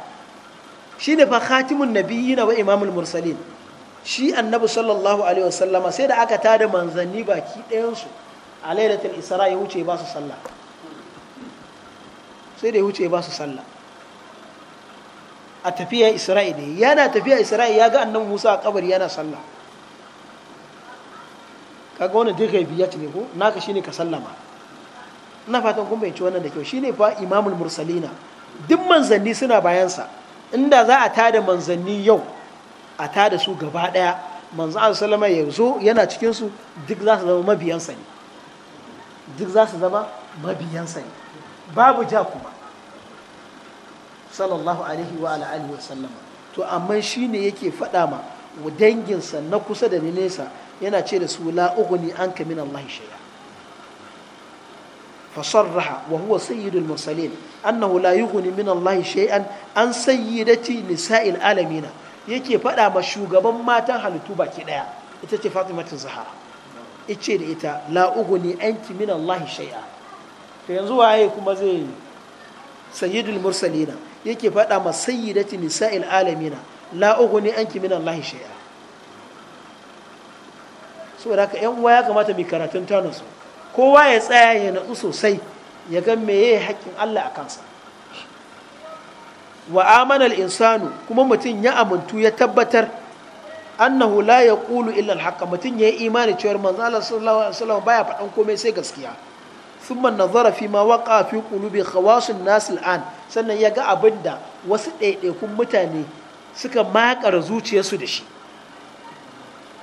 shine fa khatimun na wa imamul mursalin shi annabi sallallahu alaihi wasallama sai da aka tada manzanni baki ɗayansu a lailatul isra ya wuce ba su sallah sai da ya wuce ba su sallah a tafiya isra'i ne yana tafiya isra'i ya ga annabi musa a kabari yana sallah kaga wani duk gaibiyat ne ko naka shine ka sallama ina fatan kun bayyance wannan da kyau shine fa imamul mursalina duk manzanni suna bayansa inda za a tada manzanni yau a ta da su gaba ɗaya manzo Allah sallama ya zo yana cikin su duk za su zama mabiyan sa ne duk za su zama mabiyan sa ne babu ja kuma sallallahu alaihi wa alihi wa sallama to amma shine yake faɗa ma danginsa na kusa da nesa yana ce da su la ughni anka min Allah shay'a فصرح وهو سيد المرسلين أنه لا يغني من الله شيئا عن سيدة نساء alamina. yake faɗa ma shugaban matan halittu baki ɗaya ita ce fatimatin zahara ice da ita la'uguni anki min Allah shai'a to yanzu waye kuma zai sayyidul mursalina yake faɗa ma sayyidati nisa'il alamina la'uguni anki min Allah shai'a saboda haka yan uwa ya kamata mai karatun tanasu kowa ya tsaya ya natsu sosai ya ga meye haƙƙin Allah a kansa wa amanal insanu kuma mutum ya amintu ya tabbatar annahu la ya ƙulu illal haqq mutum ya yi imani cewar manzo Allah sallallahu alaihi wasallam baya faɗan komai sai gaskiya thumma nazara fi ma waqa fi qulubi khawasin nas an sannan ya ga abinda wasu ɗaiɗaikun mutane suka makar zuciyarsu da shi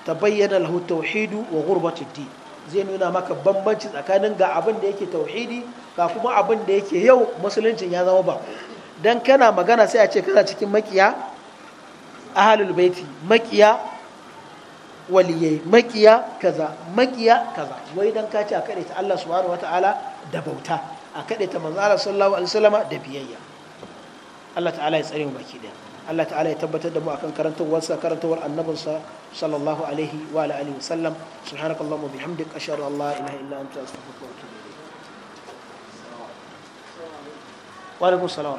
tabayyana lahu tauhidu wa ghurbatud din zai nuna maka bambanci tsakanin ga abin da yake tauhidi ga kuma abin da yake yau musuluncin ya zama bako dan kana magana sai a ce kana cikin makiya ahalul baiti makiya waliyai makiya kaza makiya kaza wai don ka ce a kaɗe ta Allah subhanahu ta'ala da bauta a kaɗe ta manzo Allah sallallahu alaihi wasallama da biyayya Allah ta'ala ya tsare mu baki daya Allah ta'ala ya tabbatar da mu akan karantawarsa karantawar annabinsa sallallahu alaihi wa ala alihi wasallam subhanakallahumma bihamdik ashhadu an la ilaha illa anta astaghfiruka wa atubu ilayk wa alaikum assalam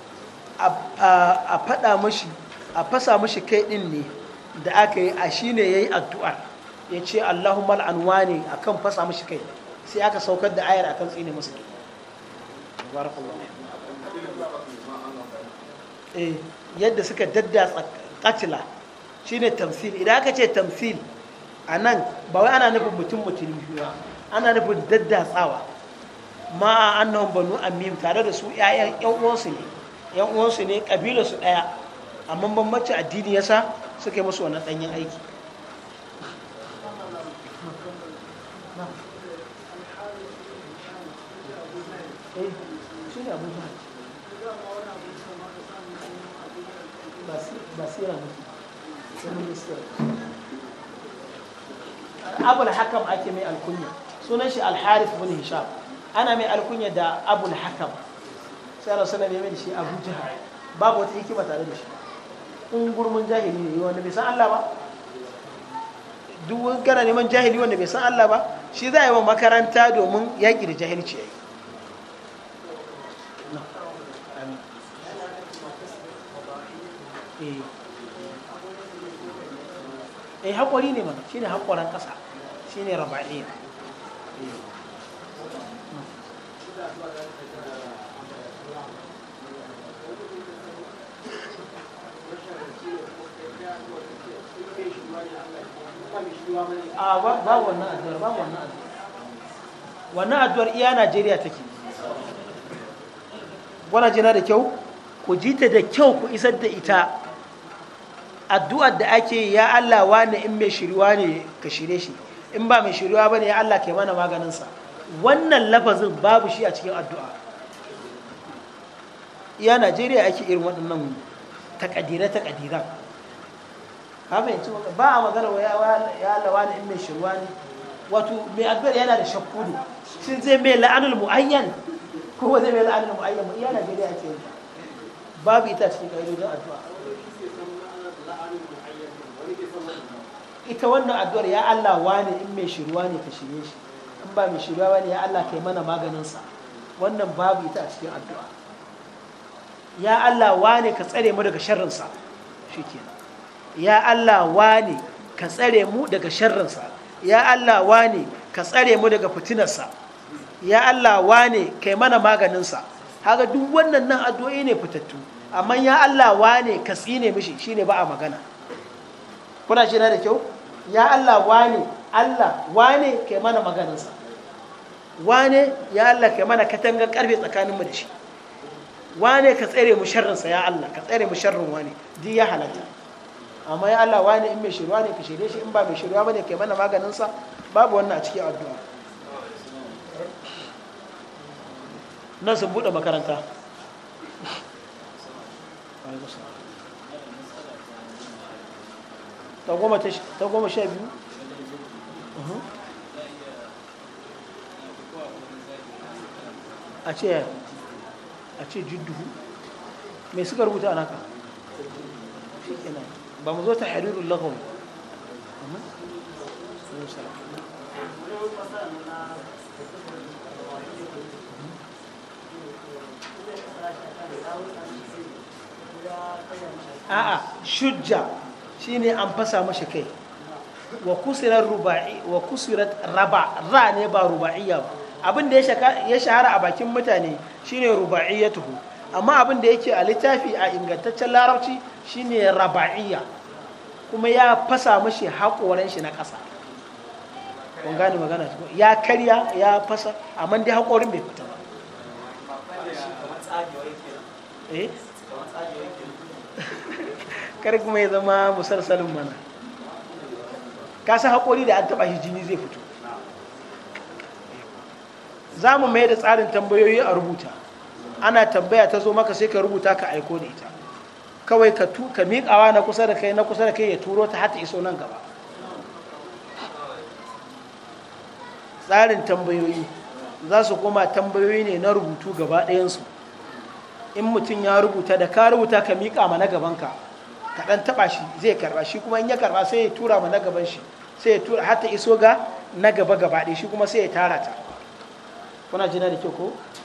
a faɗa mashi a fasa mashi kai ɗin ne da aka yi a shi ne ya yi addu'ar ya ce allahumma al'anwa ne a kan fasa mashi kai sai aka saukar da ayar a kan tsine masu kai eh, yadda suka dadda katila shi ne tamsil idan aka ce tamsil a nan ba wai ana nufin mutum mutum ba ana nufin dadda daddatsawa ma annahum banu amim tare da su 'ya'yan 'yan uwansu ne yan uwansu ne kabila su daya amma bambancin addini yasa suke musu wannan danyen aiki abul hakam ake mai alkunya sunan shi alharif bin hisham ana mai alkunya da abul hakam sai Allah sanar alaihi da shi Abu Jahal babu wata hikima tare da shi in gurmun jahili ne wanda bai san Allah ba duk kana neman jahili wanda bai san Allah ba shi za a yi wa makaranta domin yaƙi da jahilci ya yi eh, eh haƙwari ne mana shi ne haƙwaran ƙasa shi ne ne. wannan addu'ar ba wannan addu'ar wannan addu'ar iya Najeriya take wana jina da kyau ku ji ta da kyau ku isar da ita addu'ar da ake ya Allah wani in mai shiriwa ne ka shirye shi in ba mai shiriwa ne ya Allah ke mana maganinsa wannan lafazin babu shi a cikin addu'a iya Najeriya ake irin waɗannan takadire-takadiran ka fahimci ba a magana wa ya lawa ne in mai shirwa ne wato mai addu'ar yana da ne shi zai mai la'anul mu'ayyan ko zai mai la'anul mu'ayyan mu iya Najeriya a cikin babu ita cikin don addu'a ita wannan addu'ar ya Allah wani in mai shirwa ne ka shirye shi in ba mai shirwa wani ya Allah kai mana maganinsa wannan babu ita a cikin addu'a ya Allah wani ka tsare mu daga sharrinsa shi kenan ya Allah wane ka tsare mu daga sharrinsa ya Allah wane ka tsare mu daga fitinarsa ya Allah ka kai mana maganinsa haka duk wannan nan addu'o'i ne fitattu amma ya Allah wane ka tsine mishi shine ba a magana kuna shi da kyau ya Allah wane Allah ka kai mana maganinsa wane ya Allah kai mana katangar karfe tsakanin mu da shi wane ka tsare mu sharrinsa ya Allah ka tsare mu sharrin wane duk ya halatta amma ya Allah wani in mai shirwa ne ka shirye shi in ba mai shirwa bane yi mana maganinsa babu wannan a cikin addu'a nan sun buɗe makaranta ta goma ta goma sha biyu a ce a ce jiddu mai suka rubuta a naka shi kenan ba mu zo ta harirun lahum a'a shujja shine an fasa mashi kai wa kusirar ruba'i wa kusirat raba ra ne ba ruba'iyya ba abin da ya shahara a bakin mutane shine tuhu. amma abin da yake a littafi a ingantaccen larabci shine raba'iyya kuma ya fasa mashi haƙoran shi na ƙasa kun gane magana ya karya ya fasa amma dai haƙorin bai fita ba eh? kar kuma ya zama musarsalin mana ka san haƙori da an taɓa shi jini zai fito za mu mai da tsarin tambayoyi a rubuta ana tambaya ta zo maka sai ka rubuta ka aiko da ita kawai ka tu ka miƙawa na kusa da kai na kusa da kai ya turo ta hata iso nan gaba tsarin tambayoyi za su koma tambayoyi ne na rubutu gaba ɗayansu in mutum ya rubuta da ka rubuta ka miƙa ma na gabanka ka ɗan taɓa shi zai karɓa shi kuma in ya karɓa sai ya tura ma na gaban shi sai ya tura hata iso ga na gaba gaba ɗaya shi kuma sai ya tara ta kuna jina da kyau ko